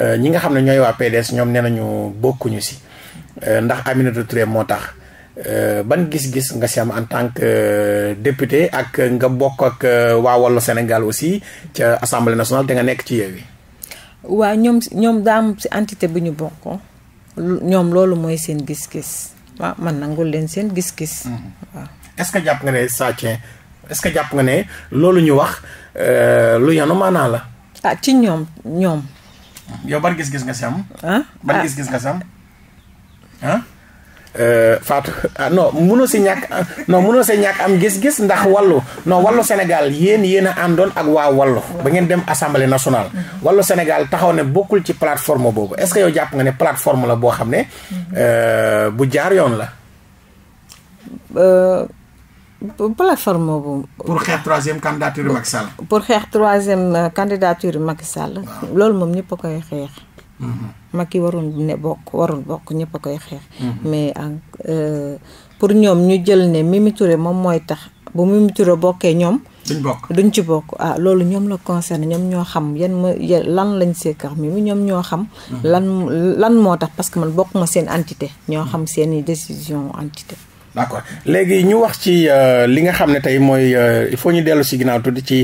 euh, ñi nga xam ne ñooy waa PDS ñoom nee nañu bokkuñu si euh, ndax Aminata Touré moo tax euh, ban gis-gis nga si am en tant que député ak nga bokk ak waa Wallu Sénégal aussi ca assemblée nationale te nga nekk ci Yewwi waaw ñoom ñoom daam si entité bu ñu bokk ñoom loolu mooy seen gis-gis waaw man nangul leen seen gis-gis mm-hmm. waaw est-ce que jàpp nga ne Sa est-ce que jàpp nga ne loolu ñu wax euh, lu yanu maanaa la. ah ci ñoom ñoom. yow ban gis-gis nga si am. ah, ah. gis-gis nga si am ah. Euh, Fatou ah si ñàkk non mënoo si ñàkk am gis-gis ndax wallu non wàllu Sénégal yéen yéen a àndoon ak waa wàllu ba ngeen dem assemblée national wàllu Sénégal taxaw ne bokkul ci plateforme boobu est-ce que yow jàpp nga ne plateforme la boo xam ne euh, bu jaar yoon la. plateforme boobu. pour xeex troisième candidature Macky Sall. pour xeex troisième euh, candidature Macky Sall. loolu moom ñëpp a koy xeex. mag mhm. Macky warul ne bokk warul bokk ñëpp a koy xeex. Mhm. mais euh, pour ñoom ñu jël ne Mimi Touré moom mooy tax bu Mimi Touré bokkee ñoom. duñ bokk duñ ci bokk ah loolu ñoom la concerne ñoom ñoo xam yan lan lañ seekax mi mi ñoom ñoo xam. Mhm. lan lan moo tax parce que man bokk ma seen entité. ñoo xam seen i décision entité. d' accord léegi ñu wax ci euh, li nga xam ne tey mooy euh, il faut ñu dellu si ginnaaw tuuti ci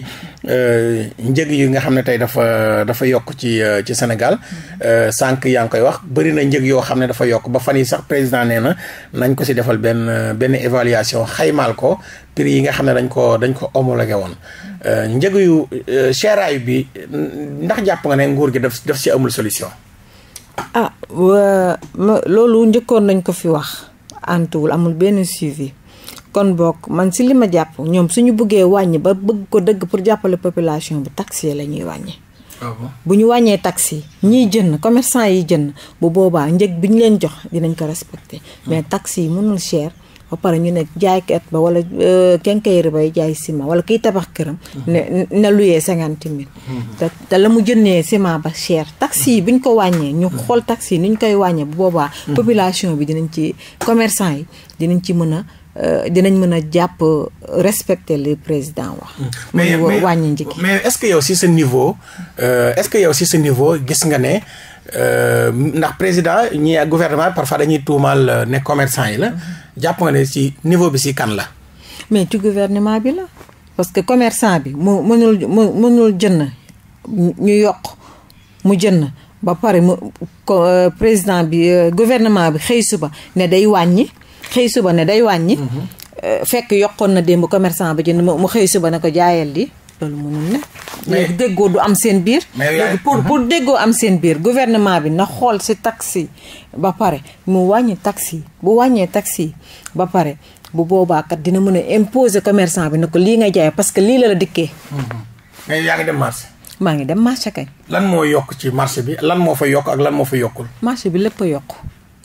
euh, njëg yi nga xam ne tey dafa dafa yokk ci ci Sénégal mm-hmm. sànq yaa ngi koy wax bëri na njëg yoo xam ne dafa yokk ba fan yi sax président nee na nañ ko si defal benn benn évaluation xaymaal ko prix yi nga xam ne dañ ko dañ ko homologué woon mm-hmm. njëg yu seeraayu bi ndax jàpp nga ne nguur gi daf daf si amul solution. Ah, loolu njëkkoon nañ ko fi wax. antuwul amul benn suivi kon bokk man si li ma jàpp ñoom suñu buggee wàññi ba bëgg ko dëgg pour jàppale population bi taxi yi la ñuy wàññi ah bu ñu wàññee taxi ñiy jënd commerçant yi jënd bu boobaa njëg bi ñu leen jox dinañ ko respecté ah. mais taxi yi mënul cher ba pare ñu ne jaaykat ba wala kenkayri euh, bay jaay ciment wala kiy tabax këram mhm. ne na luyee cinquante mille mhm. te te la mu jëndee ciment ba cher taxi yi bi ñu ko wàññee ñu xool taxi yi ni ñu koy wàññee boobaa mhm. population bi dinañ ci commerçant yi dinañ ci mën a euh, dinañ mën a jàpp respecter le président wax. mais mais wàññi njëkk mais est-ce que yow si sa niveau. Euh, est-ce que yow si sa niveau gis nga ne. Euh, ndax président ñi ak gouvernement parfois dañuy tuumaal euh, ne commerçant yi la jàpp nga ne ci niveau bi ci kan la. mais ci gouvernement bi la parce que commerçant bi mu mënul mu mënul jënd ñu yokk mu jënd ba pare mu euh, président bi gouvernement bi xëy suba ne day wàññi xëy suba ne day wàññi. Mhm. fekk yokkoon na démb commerçant ba jënd mu xëy suba ne ko jaayal di loolu mënul ne. léegi déggoo du am seen biir. léegi pour pour uh-huh. déggoo am seen biir gouvernement bi na xool si taxi ba pare mu wàññi taxi bu wàññee taxi ba pare bu boobaa kat dina mën a imposer commerçant bi na ko lii nga jaay parce que lii la la dikkee. Uh-huh. mais yaa ngi dem marché. maa ngi dem marché kay. lan moo yokk ci marché bi lan moo fa yokk ak lan moo fa yokkul. marché bi lépp a yokk.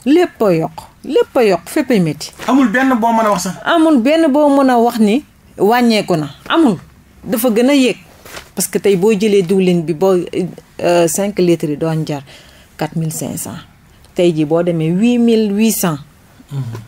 lépp a yokk lépp yokk fépp a métti. amul benn boo mën a wax sax. amul benn boo mën a wax ni wàññeeku na amul. dafa gën a yéeg parce que tey boo jëlee diwlin bi boo euh, cinq litres yi doon jar mille cinq 4500 tey jii boo demee mille 8800.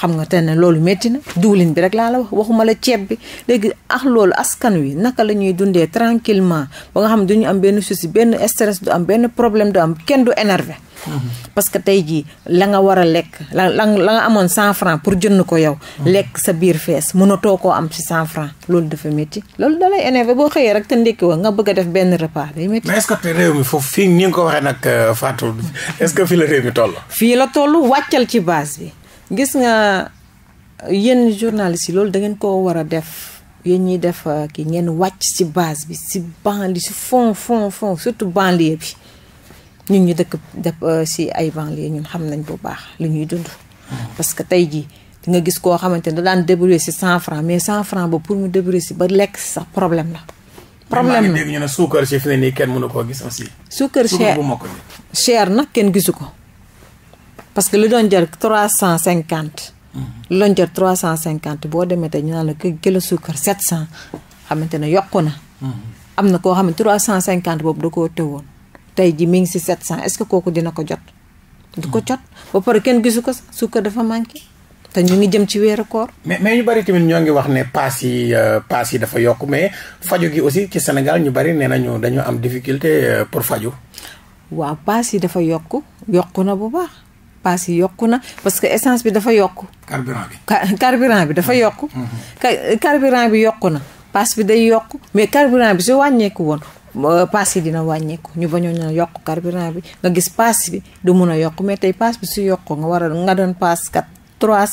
xam nga te na loolu métti na diwlin bi rek laa la wax waxuma la ceeb bi léegi ak ah, loolu askan wi naka la ñuy dundee tranquillement ba nga xam ne duñu am benn souci benn stress du am benn problème du am kenn du énervé mm-hmm. parce que tey jii la nga war a lekk la la nga amoon cent franc pour jënd ko yow mm-hmm. lekk sa biir fees mënatoo koo am ci cent franc loolu dafa métti loolu dalay enerve boo xëyee rek te ndékki wa nga bëgg a def benn repas day métti mais est-ce foofu fii ni ko waxee nag euh, Fatou est-ce que fii la fii la toll wàccal ci base bi gis nga yenn journalistes yi loolu da ngeen ko war a def yéen ñiy def euh, ki ngeen wàcc si base bi si banlieue ci fon fond fond surtout banlier bi ñun ñu dëkk def euh, si ay banlieue ñun xam nañ bu baax li ñuy dund mm-hmm. parce que tey jii di nga gis koo xamante ne da daan débrouiller ci cent franc mais cent franc ba pour mu débrouiller si ba lekk sax problème na problème la ñu ne suukar si fi ne nii kenn mënu koo gis aussi suukar cher bu nag kenn gisu ko parce que li doon jar trois cent cinquante. li doon jar trois cent cinquante boo demee tey ñu naan la kilo suukar sept cent xamante ne yokku na. Mm-hmm. am na koo xam ne trois cent cinquante boobu da koo woon tey ji mi ngi si sept cent est-ce que kooku dina ko jot. du ko jot mm-hmm. ba pare kenn gisu ko suukar dafa manqué. te ñu ngi jëm ci weeru koor. mais mais ñu bari tamit ñoo ngi wax ne paas yi euh, paas yi dafa yokk mais faju gi aussi ci Sénégal ñu bari nee nañu dañoo am difficulté euh, pour faju waaw paas yi dafa yokk paas yi yokk na parce que essence bi dafa yokk carburant bi bi dafa yokku mm-hmm. carburant bi yokku na paas bi day yokku mais carburant bi su wàññeeku woon paas yi dina wàññeeku ñu bañoo ñu yokk carburant bi nga gis paas bi du mun a yokk mais tey paas bi su yokku nga war a nga doon paas kat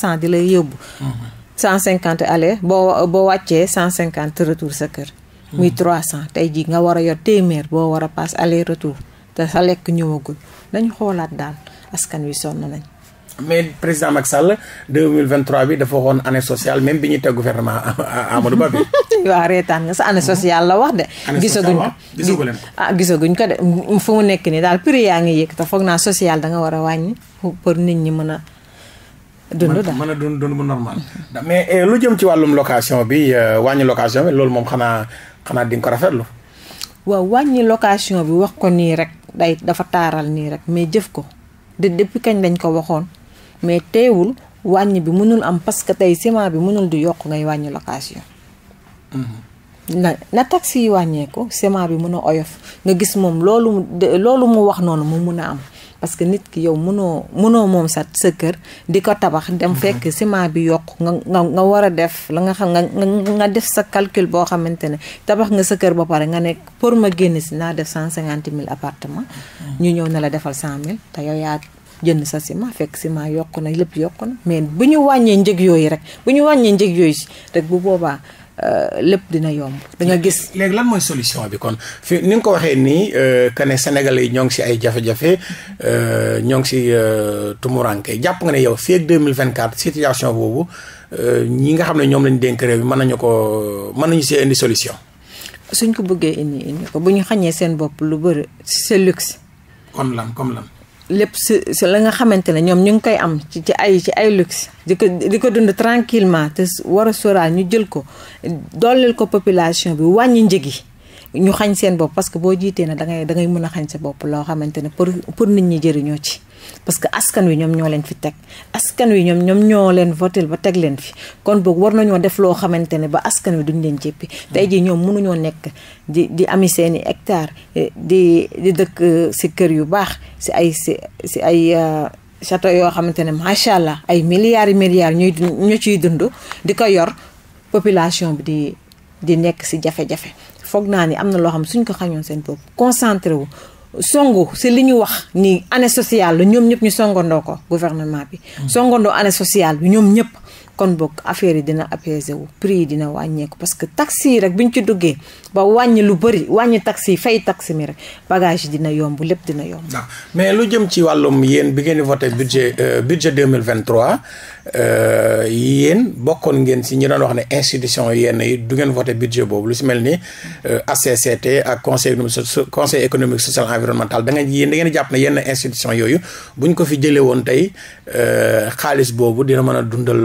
cent di lay yóbbu mm-hmm. cent cinquante aller boo boo wàccee cent cinquante retour sa kër muy mm-hmm. trois cent tey jii nga war a yor téeméer boo war a paas aller retour te sa lekk ñëwagul nañu xoolaat daal askan wi sonn nañ. mais président Macky Sall 2023 bi dafa waxoon anne sociale même bi ñuy teg gouvernement Amadou Ba bi. waaw reetaan nga sa année mhm. sociale la wax de. gisaguñ ko gisaguñ ko ah gisaguñ ko de fu mu nekk nii daal prix yaa ngi yëg te foog naa sociale da nga war a wàññi pour nit ñi mën a. dund daal mën a dund dund bu normal. mais eh, lu jëm ci wàllum location bi euh, wàññi location loolu moom xanaa xanaa di nga ko rafetlu. waaw wàññi location bi wax ko nii rek day dafa taaral nii rek mais jëf ko. de depuis kañ lañ ko waxoon mais teewul wàññi bi mënul am parce que tey ciment bi mënul di yokk ngay wàññi location. Mm-hmm. na na taxi yi wàññeeku ciment bi mën a oyof nga gis moom loolu mu loolu mu wax noonu mu mën a am. parce que nit ki yow mënoo mënoo moom sa sa kër di ko tabax dem mhm. fekk ciment bi yokk nga nga nga war a def la nga xam nga nga def sa calcul boo xamante ne tabax nga sa kër ba pare nga nekk pour ma génn si naa def cent cinquante mille appartement mhm. ñu ñëw na la defal cent mille te yow yaa jënd sa ciment fekk ciment yokk na lépp yokk na mais bu ñu wàññee njëg yooyu rek bu ñu wàññee njëg yooyu rek bu boobaa Euh, lépp dina yomb da gis. léegi lan mooy solution bi kon fi ni nga ko waxee nii euh, que ne Sénégalais yi ñoo ngi si ay jafe-jafe euh, ñoo ngi si tumuranke jàpp nga ne yow fi ak deux mille vingt quatre situation boobu ñi nga xam ne ñoom lañ dénk réew mi mën nañu ko mën nañu see indi solution. suñ ko bëggee indi indi ko bu ñu xañee seen bopp lu bëri c'est luxe. comme lan comme lan. lépp si la nga xamante ne ñoom ñu ngi koy am ci ci ay ci ay luxe di ko di ko dund tranquillement te war a sóoraal ñu jël ko dooleel ko population bi wàññi njëg yi ñu xañ seen bopp parce que boo jiitee ne dangay dangay mën a xañ sa bopp loo xamante ne pour pour nit ñi jëriñoo ci parce que askan wi ñoom ñoo leen fi teg askan wi ñoom ñoom ñoo leen votel ba teg leen fi kon boog war nañoo def loo xamante ne ba askan wi duñ leen jéppi tey jii ñoom mënuñoo nekk di di ami seeni hectare eh, di di dëkk eh, si kër yu baax si ay si si ay eh, château yoo xamante ne macha allah ay milliards yi milliards ñuy ñu ciy dund di ko yor population bi di di nekk si jafe-jafe foog naa ni am na loo xam suñ ko xañoon seen bopp concentré wu songu si li ñu wax ni année sociale la ñoom ñëpp ñu songandoo ko gouvernement bi mm. songandoo année sociale bi ñoom ñëpp kon bokk affaire yi dina apaisé wu prix yi dina wàññeeku parce que taxi yi rek bi ñu ci duggee ba wàññi lu bëri wàññi taxi yi fay taxi mi rek bagage dina yomb lépp dina yomb. waaw ah, mais lu jëm ci wàllum yéen bi ngeen di voté budget euh, budget deux mille vingt trois euh, yéen bokkoon ngeen si ñu doon wax ne institution yenn yi du ngeen voté budget boobu lu si mel ni euh, ACCT ak conseil économique conseil économique social environnemental da ngeen yéen da ngeen jàpp ne yenn institution yooyu bu ñu ko fi jëlee woon tey xaalis boobu dina mën a dundal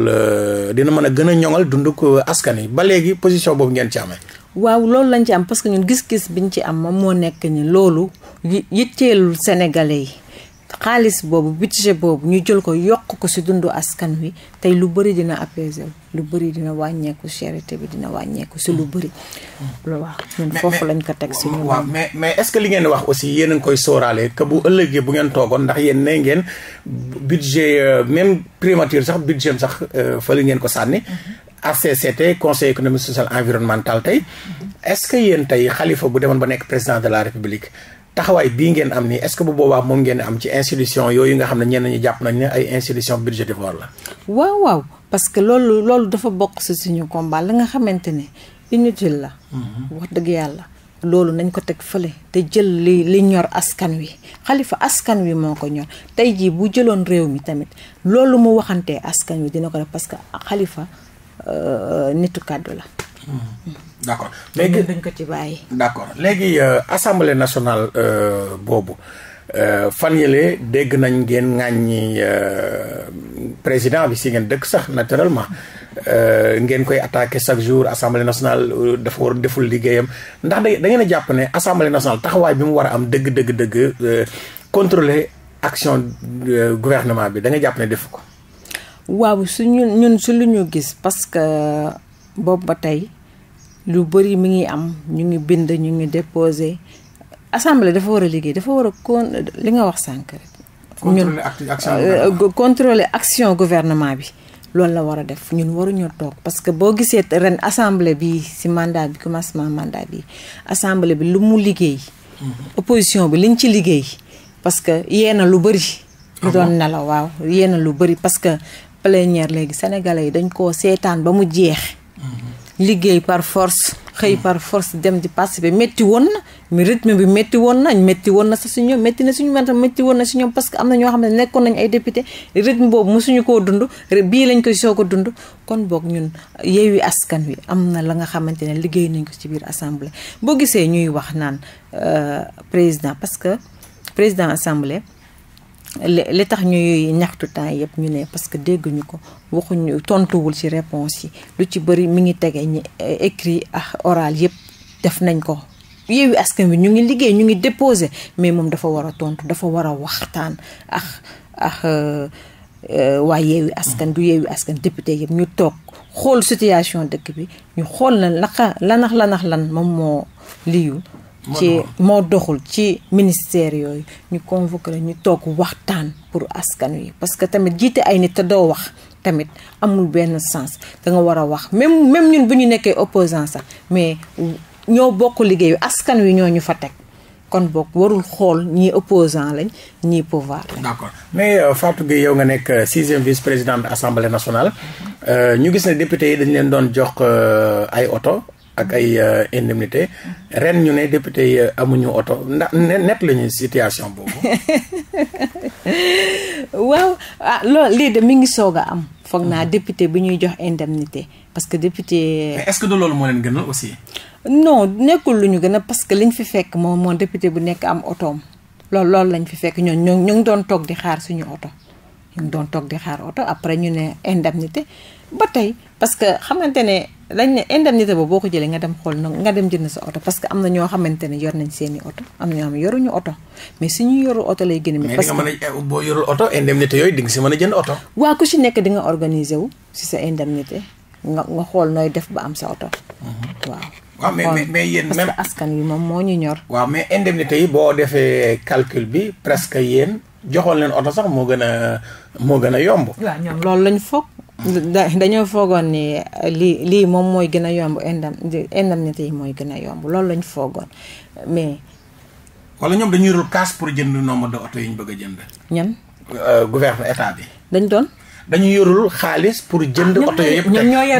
dina mën a gën a ñoŋal dund ko askan yi ba léegi position boobu ngeen ci amee. waaw loolu lañ ci am parce que ñun gis-gis bi ñu ci am moom moo nekk ni loolu yi yitteelul sénégalais yi xaalis boobu budget boobu ñu jël ko yokk ko ci dundu askan wi tey lu bëri dina apaiser lu bëri dina wàññeeku charité bi dina wàññeeku ci lu bëri. loolu wax ñun foofu lañ ko teg si ñun. waaw mais mais est-ce li ngeen wax aussi yéen a ngi koy sóoraale que bu ëllëgee bu ngeen toogoon ndax yéen ne ngeen budget euh, même primature sax budget sax euh, fële ngeen ko sànni. HCCT conseil économique social environnemental tey. Mm-hmm. est-ce que yéen tey xalifa bu demoon ba nekk président de la république. taxawaay bii ngeen am nii est-ce que bu boobaa moom ngeen am ci institution yooyu nga xam ne ñenn ñi jàpp nañ ne ay institution budgétivore la. waaw waaw parce que loolu loolu dafa bokk si suñu combat la nga xamante ne inutile la. Mhm. wax dëgg yàlla. loolu nañ ko teg fële te jël li li ñor askan wi xalifa askan wi moo ko ñor tey jii bu jëloon réew mi tamit loolu mu waxantee askan wi dina ko def parce que xalifa euh, nitu kàddu la. Hmm. d' accord léegi dañ ko ci bàyyi. léegi euh, assemblée nationale euh, boobu euh, fan yële dégg nañ ngeen ŋàññi président bi si ngeen dëkk sax naturellement ngeen koy attaqué chaque jour assemblée nationale dafa war deful liggéeyam ndax da ngeen a jàpp ne assemblée nationale taxawaay bi mu war a am dëgg dëgg dëgg contrôler action gouvernement bi da nga jàpp ne def ko. waaw su ñun ñun su lu ñu gis parce boobu ba tey lu bëri mu ngi am ñu ngi bind ñu ngi déposé assemblée dafa war a liggéey dafa war a kon li nga wax sànq rek euh, action gouvernement bi loolu la war a def ñun waruñoo toog parce que boo gisee ren assemblée bi ci mandat bi commencement mandat bi assemblée bi lu mu liggéey mm-hmm. opposition bi liñ ci liggéey parce que yeena lu bëri ah lu doon nelaw waaw yeena lu bëri parce que plénière léegi sénégalais yi dañ koo seetaan ba mu jeex liggéey par force xëy par force dem di participer métti woon na mais rythme bi métti woon na métti woon na si ñoom métti na suñu mentam métti woon na si ñoom parce que am na ñoo xam ne nekkoon nañu ay député rythme boobu mosuñu koo dund bii lañ koy soog a dund kon boog ñun Yewwi Askan Wi am na la nga xamante ne liggéey nañ ko ci biir assemblée boo gisee ñuy wax naan euh, président parce que président assemblée li tax ñuy ñaxtu temps yëpp ñu ne parce que dégguñu ko waxuñu tontuwul ci réponse yi lu ci bëri mi ngi tege ñi eh, écrit ak oral yëpp def nañ ko Yewwi Askan Wi ñu ngi liggéey ñu ngi déposé mais moom dafa war a tontu dafa war a waxtaan ak ak euh, euh, waa Yewwi Askan du Yewwi Askan député yëpp ñu toog xool situation dëkk bi ñu xool na laxa lanax lanax lan moom moo liyu ci moo doxul ci ministère yooyu ñu convoqué la ñu toog waxtaan pour askan wi parce que tamit jiite ay nit te doo wax tamit amul benn sens da war a wax même même ñun bu ñu nekkee opposant sax mais ñoo bokk liggéey askan wi ñoo ñu fa teg kon bokk warul xool ñii opposant lañ ñii pouvoir lañ. mais euh, Fatou Gueye yow nga nekk euh, sixième vice présidente assemblée nationale mm-hmm. euh, ñu gis ne député yi dañ leen doon jox ay oto ak ay euh, indemnité ren ñu ne député yi euh, amuñu oto ndax net lañu situation boobu. waaw ah loolu lii de mi ngi soog a am. foog naa mm-hmm. député bi ñuy jox indemnité parce que député. mais est-ce que de loolu moo leen gënal aussi. non nekkul lu ñu gën a parce que li liñ fi fekk moom moo député bu nekk am otoom loolu loolu lañ fi fekk ñoo ñu ngi doon toog di xaar suñu oto ñu doon toog di xaar oto après ñu ne indemnité ba tey parce que xamante ne. dañ ne indemnité ba boo ko jëlee nga dem xool nga dem jënd sa oto parce que am na ñoo xamante ne yor nañ seeni oto am na ñoo xam ne yoruñu oto mais suñu yoru oto lay gën a. mais parce que mën a eh, boo yorul oto indemnité yooyu si mën a jënd oto. waa ku si nekk di nga organiser wu si sa nga nga xool nooy def ba am sa oto. Mhm. waaw. waaw mais mais mais yéen même askan wi moom moo ñu ñor. waaw mais indemnité yi boo defee calcul bi presque yéen joxoon leen oto sax moo gën a moo gën a yomb. waaw ñoom loolu lañ foog. dañoo foogoon ni eh, lii lii moom mooy gën a yomb indem indemnité yi mooy gën a yomb loolu lañ foogoon mais. wala ñoom dañuy rul kaas pour jënd nombre de oto yi ñu bëgg a jënd. ñan. Euh, gouvernement état bi. dañ doon. dañu yorul xaalis pour jënd ah, oto yooyu yëpp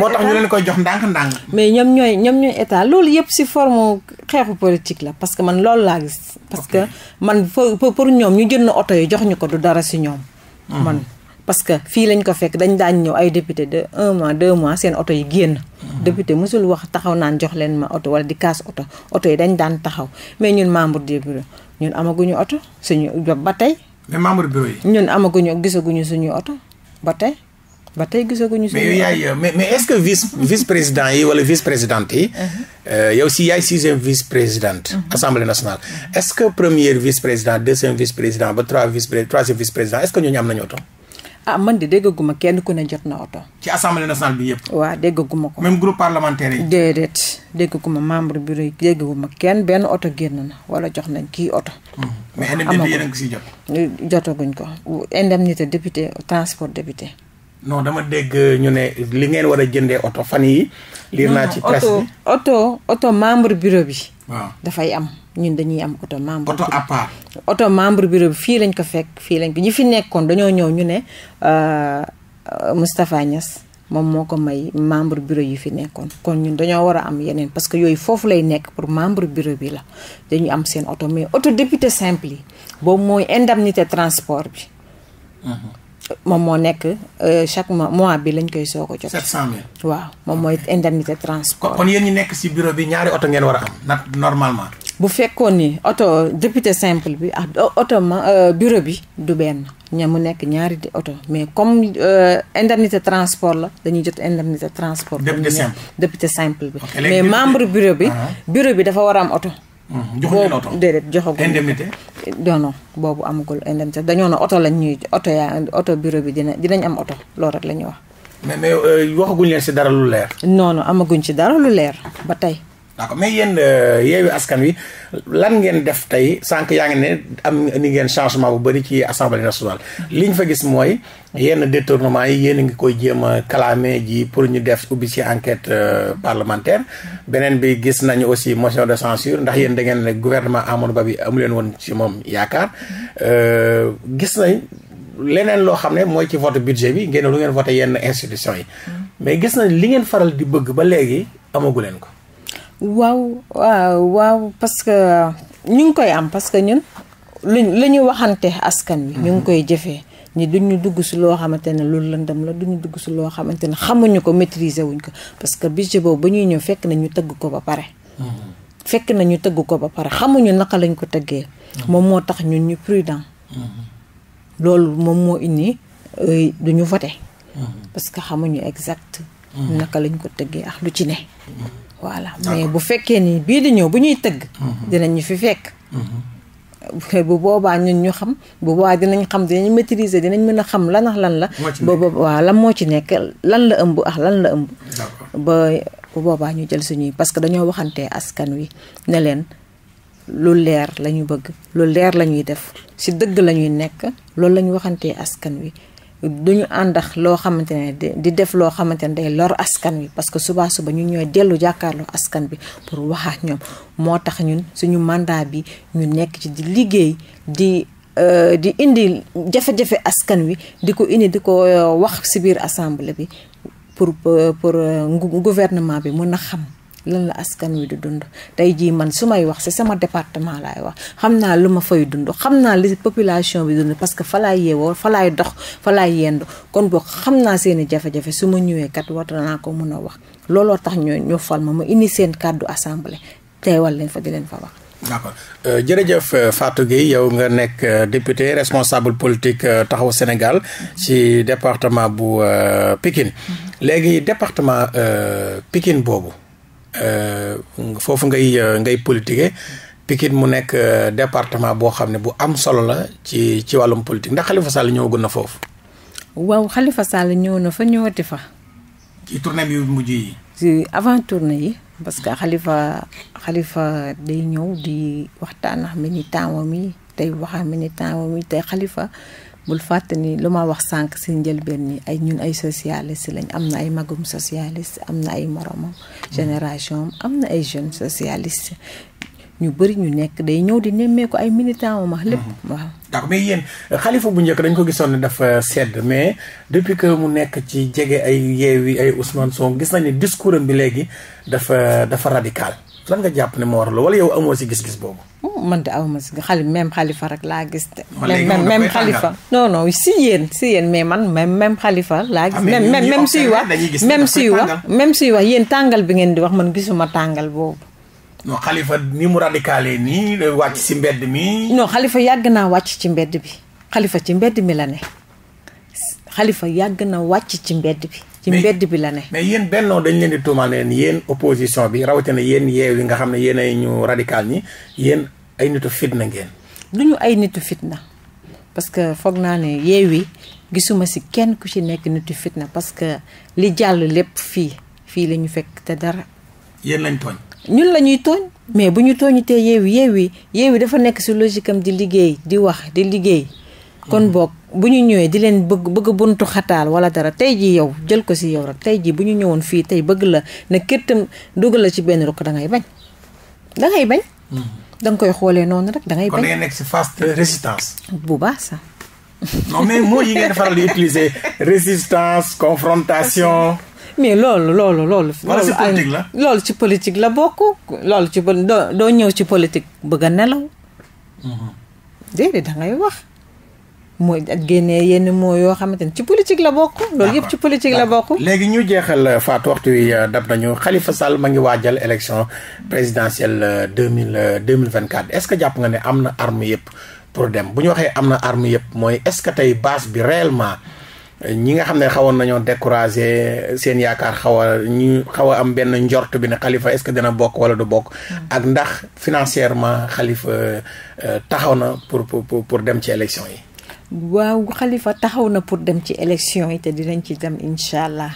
moo tax ñu leen koy jox ndànk-ndànk mais ñoom ñooy ñoom ñooy état loolu yëpp si forme xeexu politique la parce que man loolu laa gis parce que man pour ñoom ñu jën oto yi jox ñu ko du dara si ñoom hmm. man parce que fii lañ ko fekk dañ daan ñëw ay député de un mois deux mois seen oto yi génn. Mm-hmm. député mosul wax taxaw naan jox leen ma oto wala di kaas oto oto yi dañ daan taxaw mais ñun membre du ñun amaguñu oto suñu ba tey. mais membre bureau yi. gisaguñu suñu oto ba tey. ba tey gisaguñu suñu. mais yaay euh, mais mais est-ce que vice vice président yi wala vice présidente yi. Uh-huh. Euh, yow si yaay sixième vice présidente. Uh-huh. assemblée nationale est-ce que premier vice président deuxième vice vice am nañu ah man de déggaguma kenn ku ne jot na oto. ci assemblée nationale bi yëpp. waa déggaguma ko. même groupe parlementaire yi. déedéet déggaguma membre bureau yi déggaguma kenn benn oto génn na wala jox nañ kii oto. Mhm. mais indemnité yéen a ngi siy jot. Eh, jotaguñ ko indemnité député transport député. non dama dégg ñu ne li ngeen war a jëndee oto fan yi liir naa ci presse bi oto oto membre bureau bi. waaw dafay am. ñun dañuy am auto membre. oto à oto membre bureau bi fii lañ ko fekk fii lañ ko ñi fi nekkoon dañoo ñëw ñu ne euh, Moustapha Niass moom moo ko may membre bureau yi fi nekkoon kon ñun dañoo war a am yeneen parce que yooyu foofu lay nekk pour membre bureau bi la dañu am seen auto mais oto député simple yi boobu mooy indemnité transport bi. Mhm. moom moo nekk euh, chaque mois bi lañ koy soog a jot. 700000 waaw moom mooy indemnité transport. kon yéen ñi nekk ci bureau bi ñaari oto ngeen war a am na normalement. bu fekkoon ni oto député simple bi ak oto ma euh, bureau bi du benn ña mu nekk ñaari di oto mais comme euh, indemnité transport la dañuy jot indemnité transport. député simple député simple bi. mais membre bureau bi. Ah. bureau bi dafa war am oto. Mm-hmm. joxuñu oto déedéet joxagul indemnité. non non boobu amagul indemnité dañoo na oto lañ ñuy oto yaa oto bureau bi dina dinañ am oto loolu rek la ñuy wax. mais mais euh, waxaguñ leen si dara lu leer. non non amaguñ ci dara lu leer ba tey. d'accord mais yéen euh, yeewi askan wi lan ngeen def tey sànq yaa ngi ne am ni ngeen changement bu bëri ci assemblée nationale mm-hmm. li ñu fa gis mooy yenn détournement yi yéen a ngi koy jéem a clamé ji pour ñu def ubbi ci enquête euh, parlementaire mm-hmm. beneen bi gis nañu aussi mossion de censure ndax yéen da ngeen ne gouvernement Amadou Ba bi amu leen woon ci moom yaakaar mm-hmm. euh, gis nañ leneen loo xam ne mooy ci vote budget bi ngeen lu ngeen voté yenn institution yi mais gis nañ li ngeen faral di bëgg ba léegi amagu leen ko waaw waaw waaw parce que ñu ngi koy am parce que ñun luñ la ñu waxante askan wi. ñu ngi koy jëfee ni duñu dugg si loo xamante ne loolu lëndëm la duñu dugg si loo xamante ne xamuñu ko maîtriser wuñ ko parce que budget boobu ba ñuy ñëw fekk na ñu tëgg ko ba pare. fekk na ñu ko ba pare xamuñu naka lañ ko tëggee. moom moo tax ñun ñu prudent. loolu moom moo indi euh, duñu voté. Mm-hmm. parce que xamuñu exact. Mm-hmm. naka lañ ko tëggee ak lu ci ne. voilà mais bu fekkee ni bii di ñëw bu ñuy tëgg. Mhm. dinañ ñu fi fekk. Mhm. bu boobaa ñu xam bu boobaa dinañ xam dinañ maîtriser dinañ mën a xam lan lan la. booba lan moo ci nekk lan la ëmb ak ah, lan la ëmb. boobaa ñu jël suñuy parce que dañoo waxantee askan wi ne leen lu leer lañuy bëgg lu leer lañuy def si dëgg la ñuy nekk loolu lañuy waxante askan wi. duñu àndax loo xamante ne di def loo xamante ne day lor askan wi parce que suba suba ñu ñooy dellu jàkkaarloo askan bi pour wax ak ñoom moo tax ñun suñu mandat bi ñu nekk ci di liggéey di euh, di indi jafe-jafe askan wi di ko indi di ko euh, wax si biir assemblée bi pour euh, pour gouvernement bi mun a xam lan la askan wi du dund tey jii man su may wax si sama département laay wax xam naa lu ma fay dund xam naa li population bi dund parce que fa laay yeewoo fa dox falaay laay yendu kon boog xam naa seeni jafe-jafe su ma ñëwee kat war naa ko mun a wax looloo tax ñoo ñu fal ma ma indi seen kàddu assemblée teewal leen fa di leen fa wax. Euh, jërëjëf euh, Fatou Gueye yow nga nekk euh, député responsable politique taxawu Sénégal ci département bu Pikine mm-hmm. léegi département Pikine boobu. Euh, foofu ngay euh, ngay politique Pikine mu nekk euh, département boo xam ne bu am solo la ci ci wàllum politique ndax Khalifa Sall ñëwagul na foofu. waaw xalifa Sall ñëw na fa ñëwati fa. ci tournée bi mujj yi. ci avant tournée yi parce que xalifa Khalifa day ñëw di waxtaan mi ak militant mi tey wax ak militant mi tey Khalifa. bul fàtte ni lu ma wax sànq si njëlbeen nii ay ñun ay socialiste lañ am na ay magum socialiste am na ay moromam génération am na ay jeunes socialiste ñu bëri ñu nekk day ñëw di nemmeeku ay militant ma wax lépp mhm. waaw d'accord mais yéen euh, xalifa bu njëkk dañ ko gisoon ne dafa euh, sedd mais depuis que mu nekk ci jege ay yeewi ay Ousmane Sonko gis nañ ne discours am bi léegi dafa euh, dafa radical lan nga jàpp ne moo waral wala yow amoo si gis-gis boobu. Oh, man de aw ma si xali même xalifa rek laa gis. même même xalifa. non non si yéen si yéen mais man même même xalifa laa gis. Ah, même même suy wax même suy wax même suy wax yéen tàngal bi ngeen di wax man gisuma tàngal boobu. non xalifa ni mu radicale nii wàcc si mbedd mi. non xalifa yàgg naa wàcc ci mbedd bi xalifa ci mbedd mi la ne xalifa yàgg na wàcc ci mbedd bi. ci mbedd bi la ne. mais yéen bennoo dañ leen di tuumaal ne yéen opposition bi rawatina yéen yeew yi nga xam ne yéen ay ñu radical ñi yéen ay nitu fitna ngeen. du ñu ay nitu fitna parce que foog naa ne yeew yi gisuma si kenn ku ci nekk nitu fitna parce que li jàll lépp fii fii la ñu fekk te dara. yéen lañ tooñ. ñun la ñuy tooñ mais bu ñu yeew yi yeewi yeewi dafa nekk si logique am di liggéey di wax di liggéey kon mm-hmm. boog bu ñu ñëwee di leen bëgg bëgg buntu xataal wala dara tey ji yow jël ko si yow rek tey ji bu ñu ñëwoon fii tey bëgg la ne kërtam dugal la ci benn rukk da ngay bañ da ngay bañ mm-hmm. da koy xoolee noonu rek da ngay bañ nekk si phase de bu baax sax mais mots yi ngeen mais loolu loolu loolu. loolu ci politique la loolu ci politique la bokk. loolu ci doo ñëw ci politique bëgg a nelaw. Mm-hmm. déedéet da ngay wax. mooy génnee yenn moo yoo xamante ni ci politique la bokk. loolu yëpp ci politique la bokk. léegi ñu jeexal euh, faat waxtu wi euh, dab nañu xalifa Sall ma ngi waajal élection présidentielle euh, deux mille deux mille vingt quatre est ce que jàpp nga ne am na arme yëpp pour dem bu ñu waxee am na arme yëpp mooy est ce que tey base bi réellement. ñi nga xam ne xawoon nañoo découragé seen yaakaar xaw a ñu xaw am benn njort bi ne xalifa est que dina bokk wala du bokk. Hmm. ak ndax financièrement xalifa taxaw na pour pour dem ci élection yi. waaw xalifa taxaw na pour dem ci élection yi te dinañ ci dem incha allah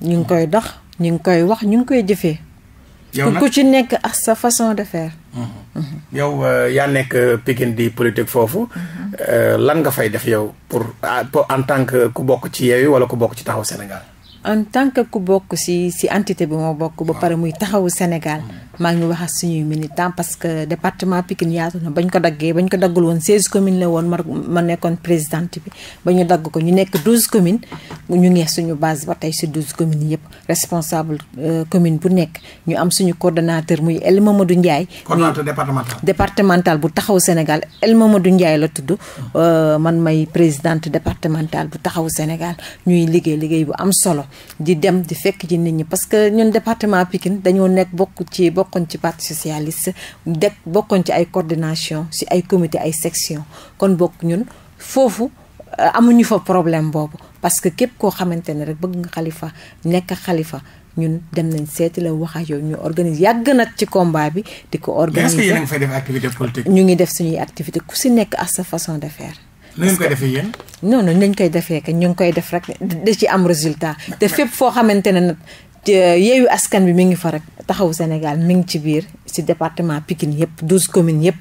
ñu ngi koy dox ñu ngi koy wax ñu ngi koy jëfee. yow ku ci nekk ak sa façon de faire. Mm-hmm. yow euh, yaa nekk Pikine di politique foofu mm-hmm. euh, lan nga fay def yow ah, pour en tant que ku bokk ci Yewwi wala ku bokk ci Taxawu Sénégal. en tant que ku bokk si si entité bi moo bokk. ba pare muy Taxawu Sénégal. Mm-hmm. maa ngi wax ak suñuy militants parce que département Pikine yaatu na bañ ko daggee bañ ko daggul woon 16 communes la woon ma nekkoon président bi ba ñu dagg ko ñu nekk 12 communes ñu ngi suñu base ba tey si 12 communes yëpp responsable euh, commune bu nekk ñu am suñu coordonnateur muy El Mamadou Ndiaye. coordonnateur départemental. départemental bu taxaw Sénégal El Mamadou Ndiaye la tudd euh, man may présidente départementale bu taxaw Sénégal ñuy liggéey liggéey bu am solo di dem di fekk ci nit ñi parce que ñun département Pikine dañoo nekk bokk ci bokk. bokkoon ci parti socialiste det bokkoon ci ay coordination si ay comité ay section kon bokk ñun foofu euh, amuñu fa problème boobu parce que képp koo xamante ne rek bëgg nga xalifa nekk xalifa ñun dem nañ seeti la wax ak yow ñu organise yàgg nag ci combat bi di ko organiser yéen ngi def activité politique activité ku si nekk à sa façon de faire nu ngeen koy defee yéen. non non koy defee que ñu ngi koy def rek da ci am résultat te fépp foo xamante ne nag Euh, yeewu askan bi mi ngi fa rek taxawu Sénégal mi ngi ci biir si département Pikine yëpp douze communes yëpp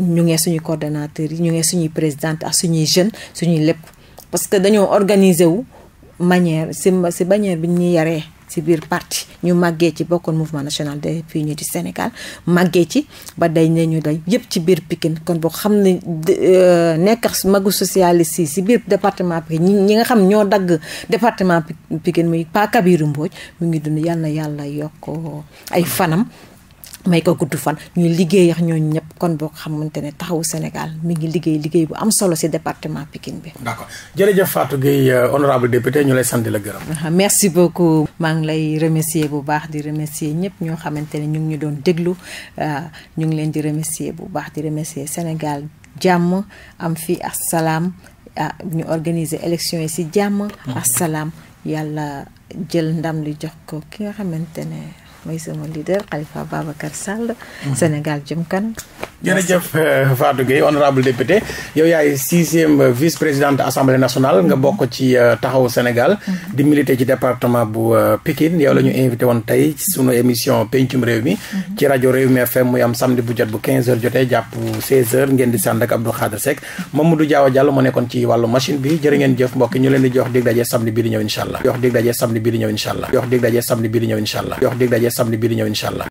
ñu ngee suñu coordonnateurs yi ñu ngee suñuy présidente ak suñuy jeunes suñuy lépp parce que dañoo organiser wu manière si si manière bi ñuy yaree ci biir parti ñu màggee ci bokkoon mouvement national fii ñu du Sénégal màggee ci ba day nañu day yëpp ci biir Pikine kon boo xam ne euh, nekk magu socialiste yi si biir département Pikine ñi nga xam ñoo dagg département Pikine muy paaka Kabirou Mbodj mu ngi dund yàlla na yàlla yokk ay fanam may ko gudd fan ñuy liggéey ak ñooñu ñëpp kon boo xamante ne taxawu Sénégal mi ngi liggéey liggéey bu am solo ci département pikin bi. d'accord jërëjëf Fatou Gueye euh, honorable député ñu lay sant la gërëm. merci beaucoup. maa ngi lay remercier bu baax di remercier ñëpp ñoo xamante ne ñu ngi ñu doon déglu euh, ñu ngi leen di remercier bu baax di remercier Sénégal jàmm am fii ak salaam ah, ñu organiser élection yi ci jàmm. Mmh. ak yàlla jël ndam li jox ko ki nga xamante ne. mooy sama leader Khalifa Babacar Sall. Mhm. Sénégal jëm kanam. jërëjëf euh, Fatou Gueye honorable député yow yaay sixième vice présidente assemblée nationale nga mhm. bokk ci euh, taxawu Sénégal. Mhm. di militer ci département bu euh, Pikine yow la ñu invité woon tey sunu émission pencum réew mi. ci rajo réew mi FM muy am samedi bu jot bu 15 jotee jàpp 16 ngeen di sànd ak Abdou Khadre Seck Mamadou Diaw Diallo moo nekkoon ci wàllu machine bi jërë ngeen jëf mbokk ñu leen di jox samedi bii di ñëw incha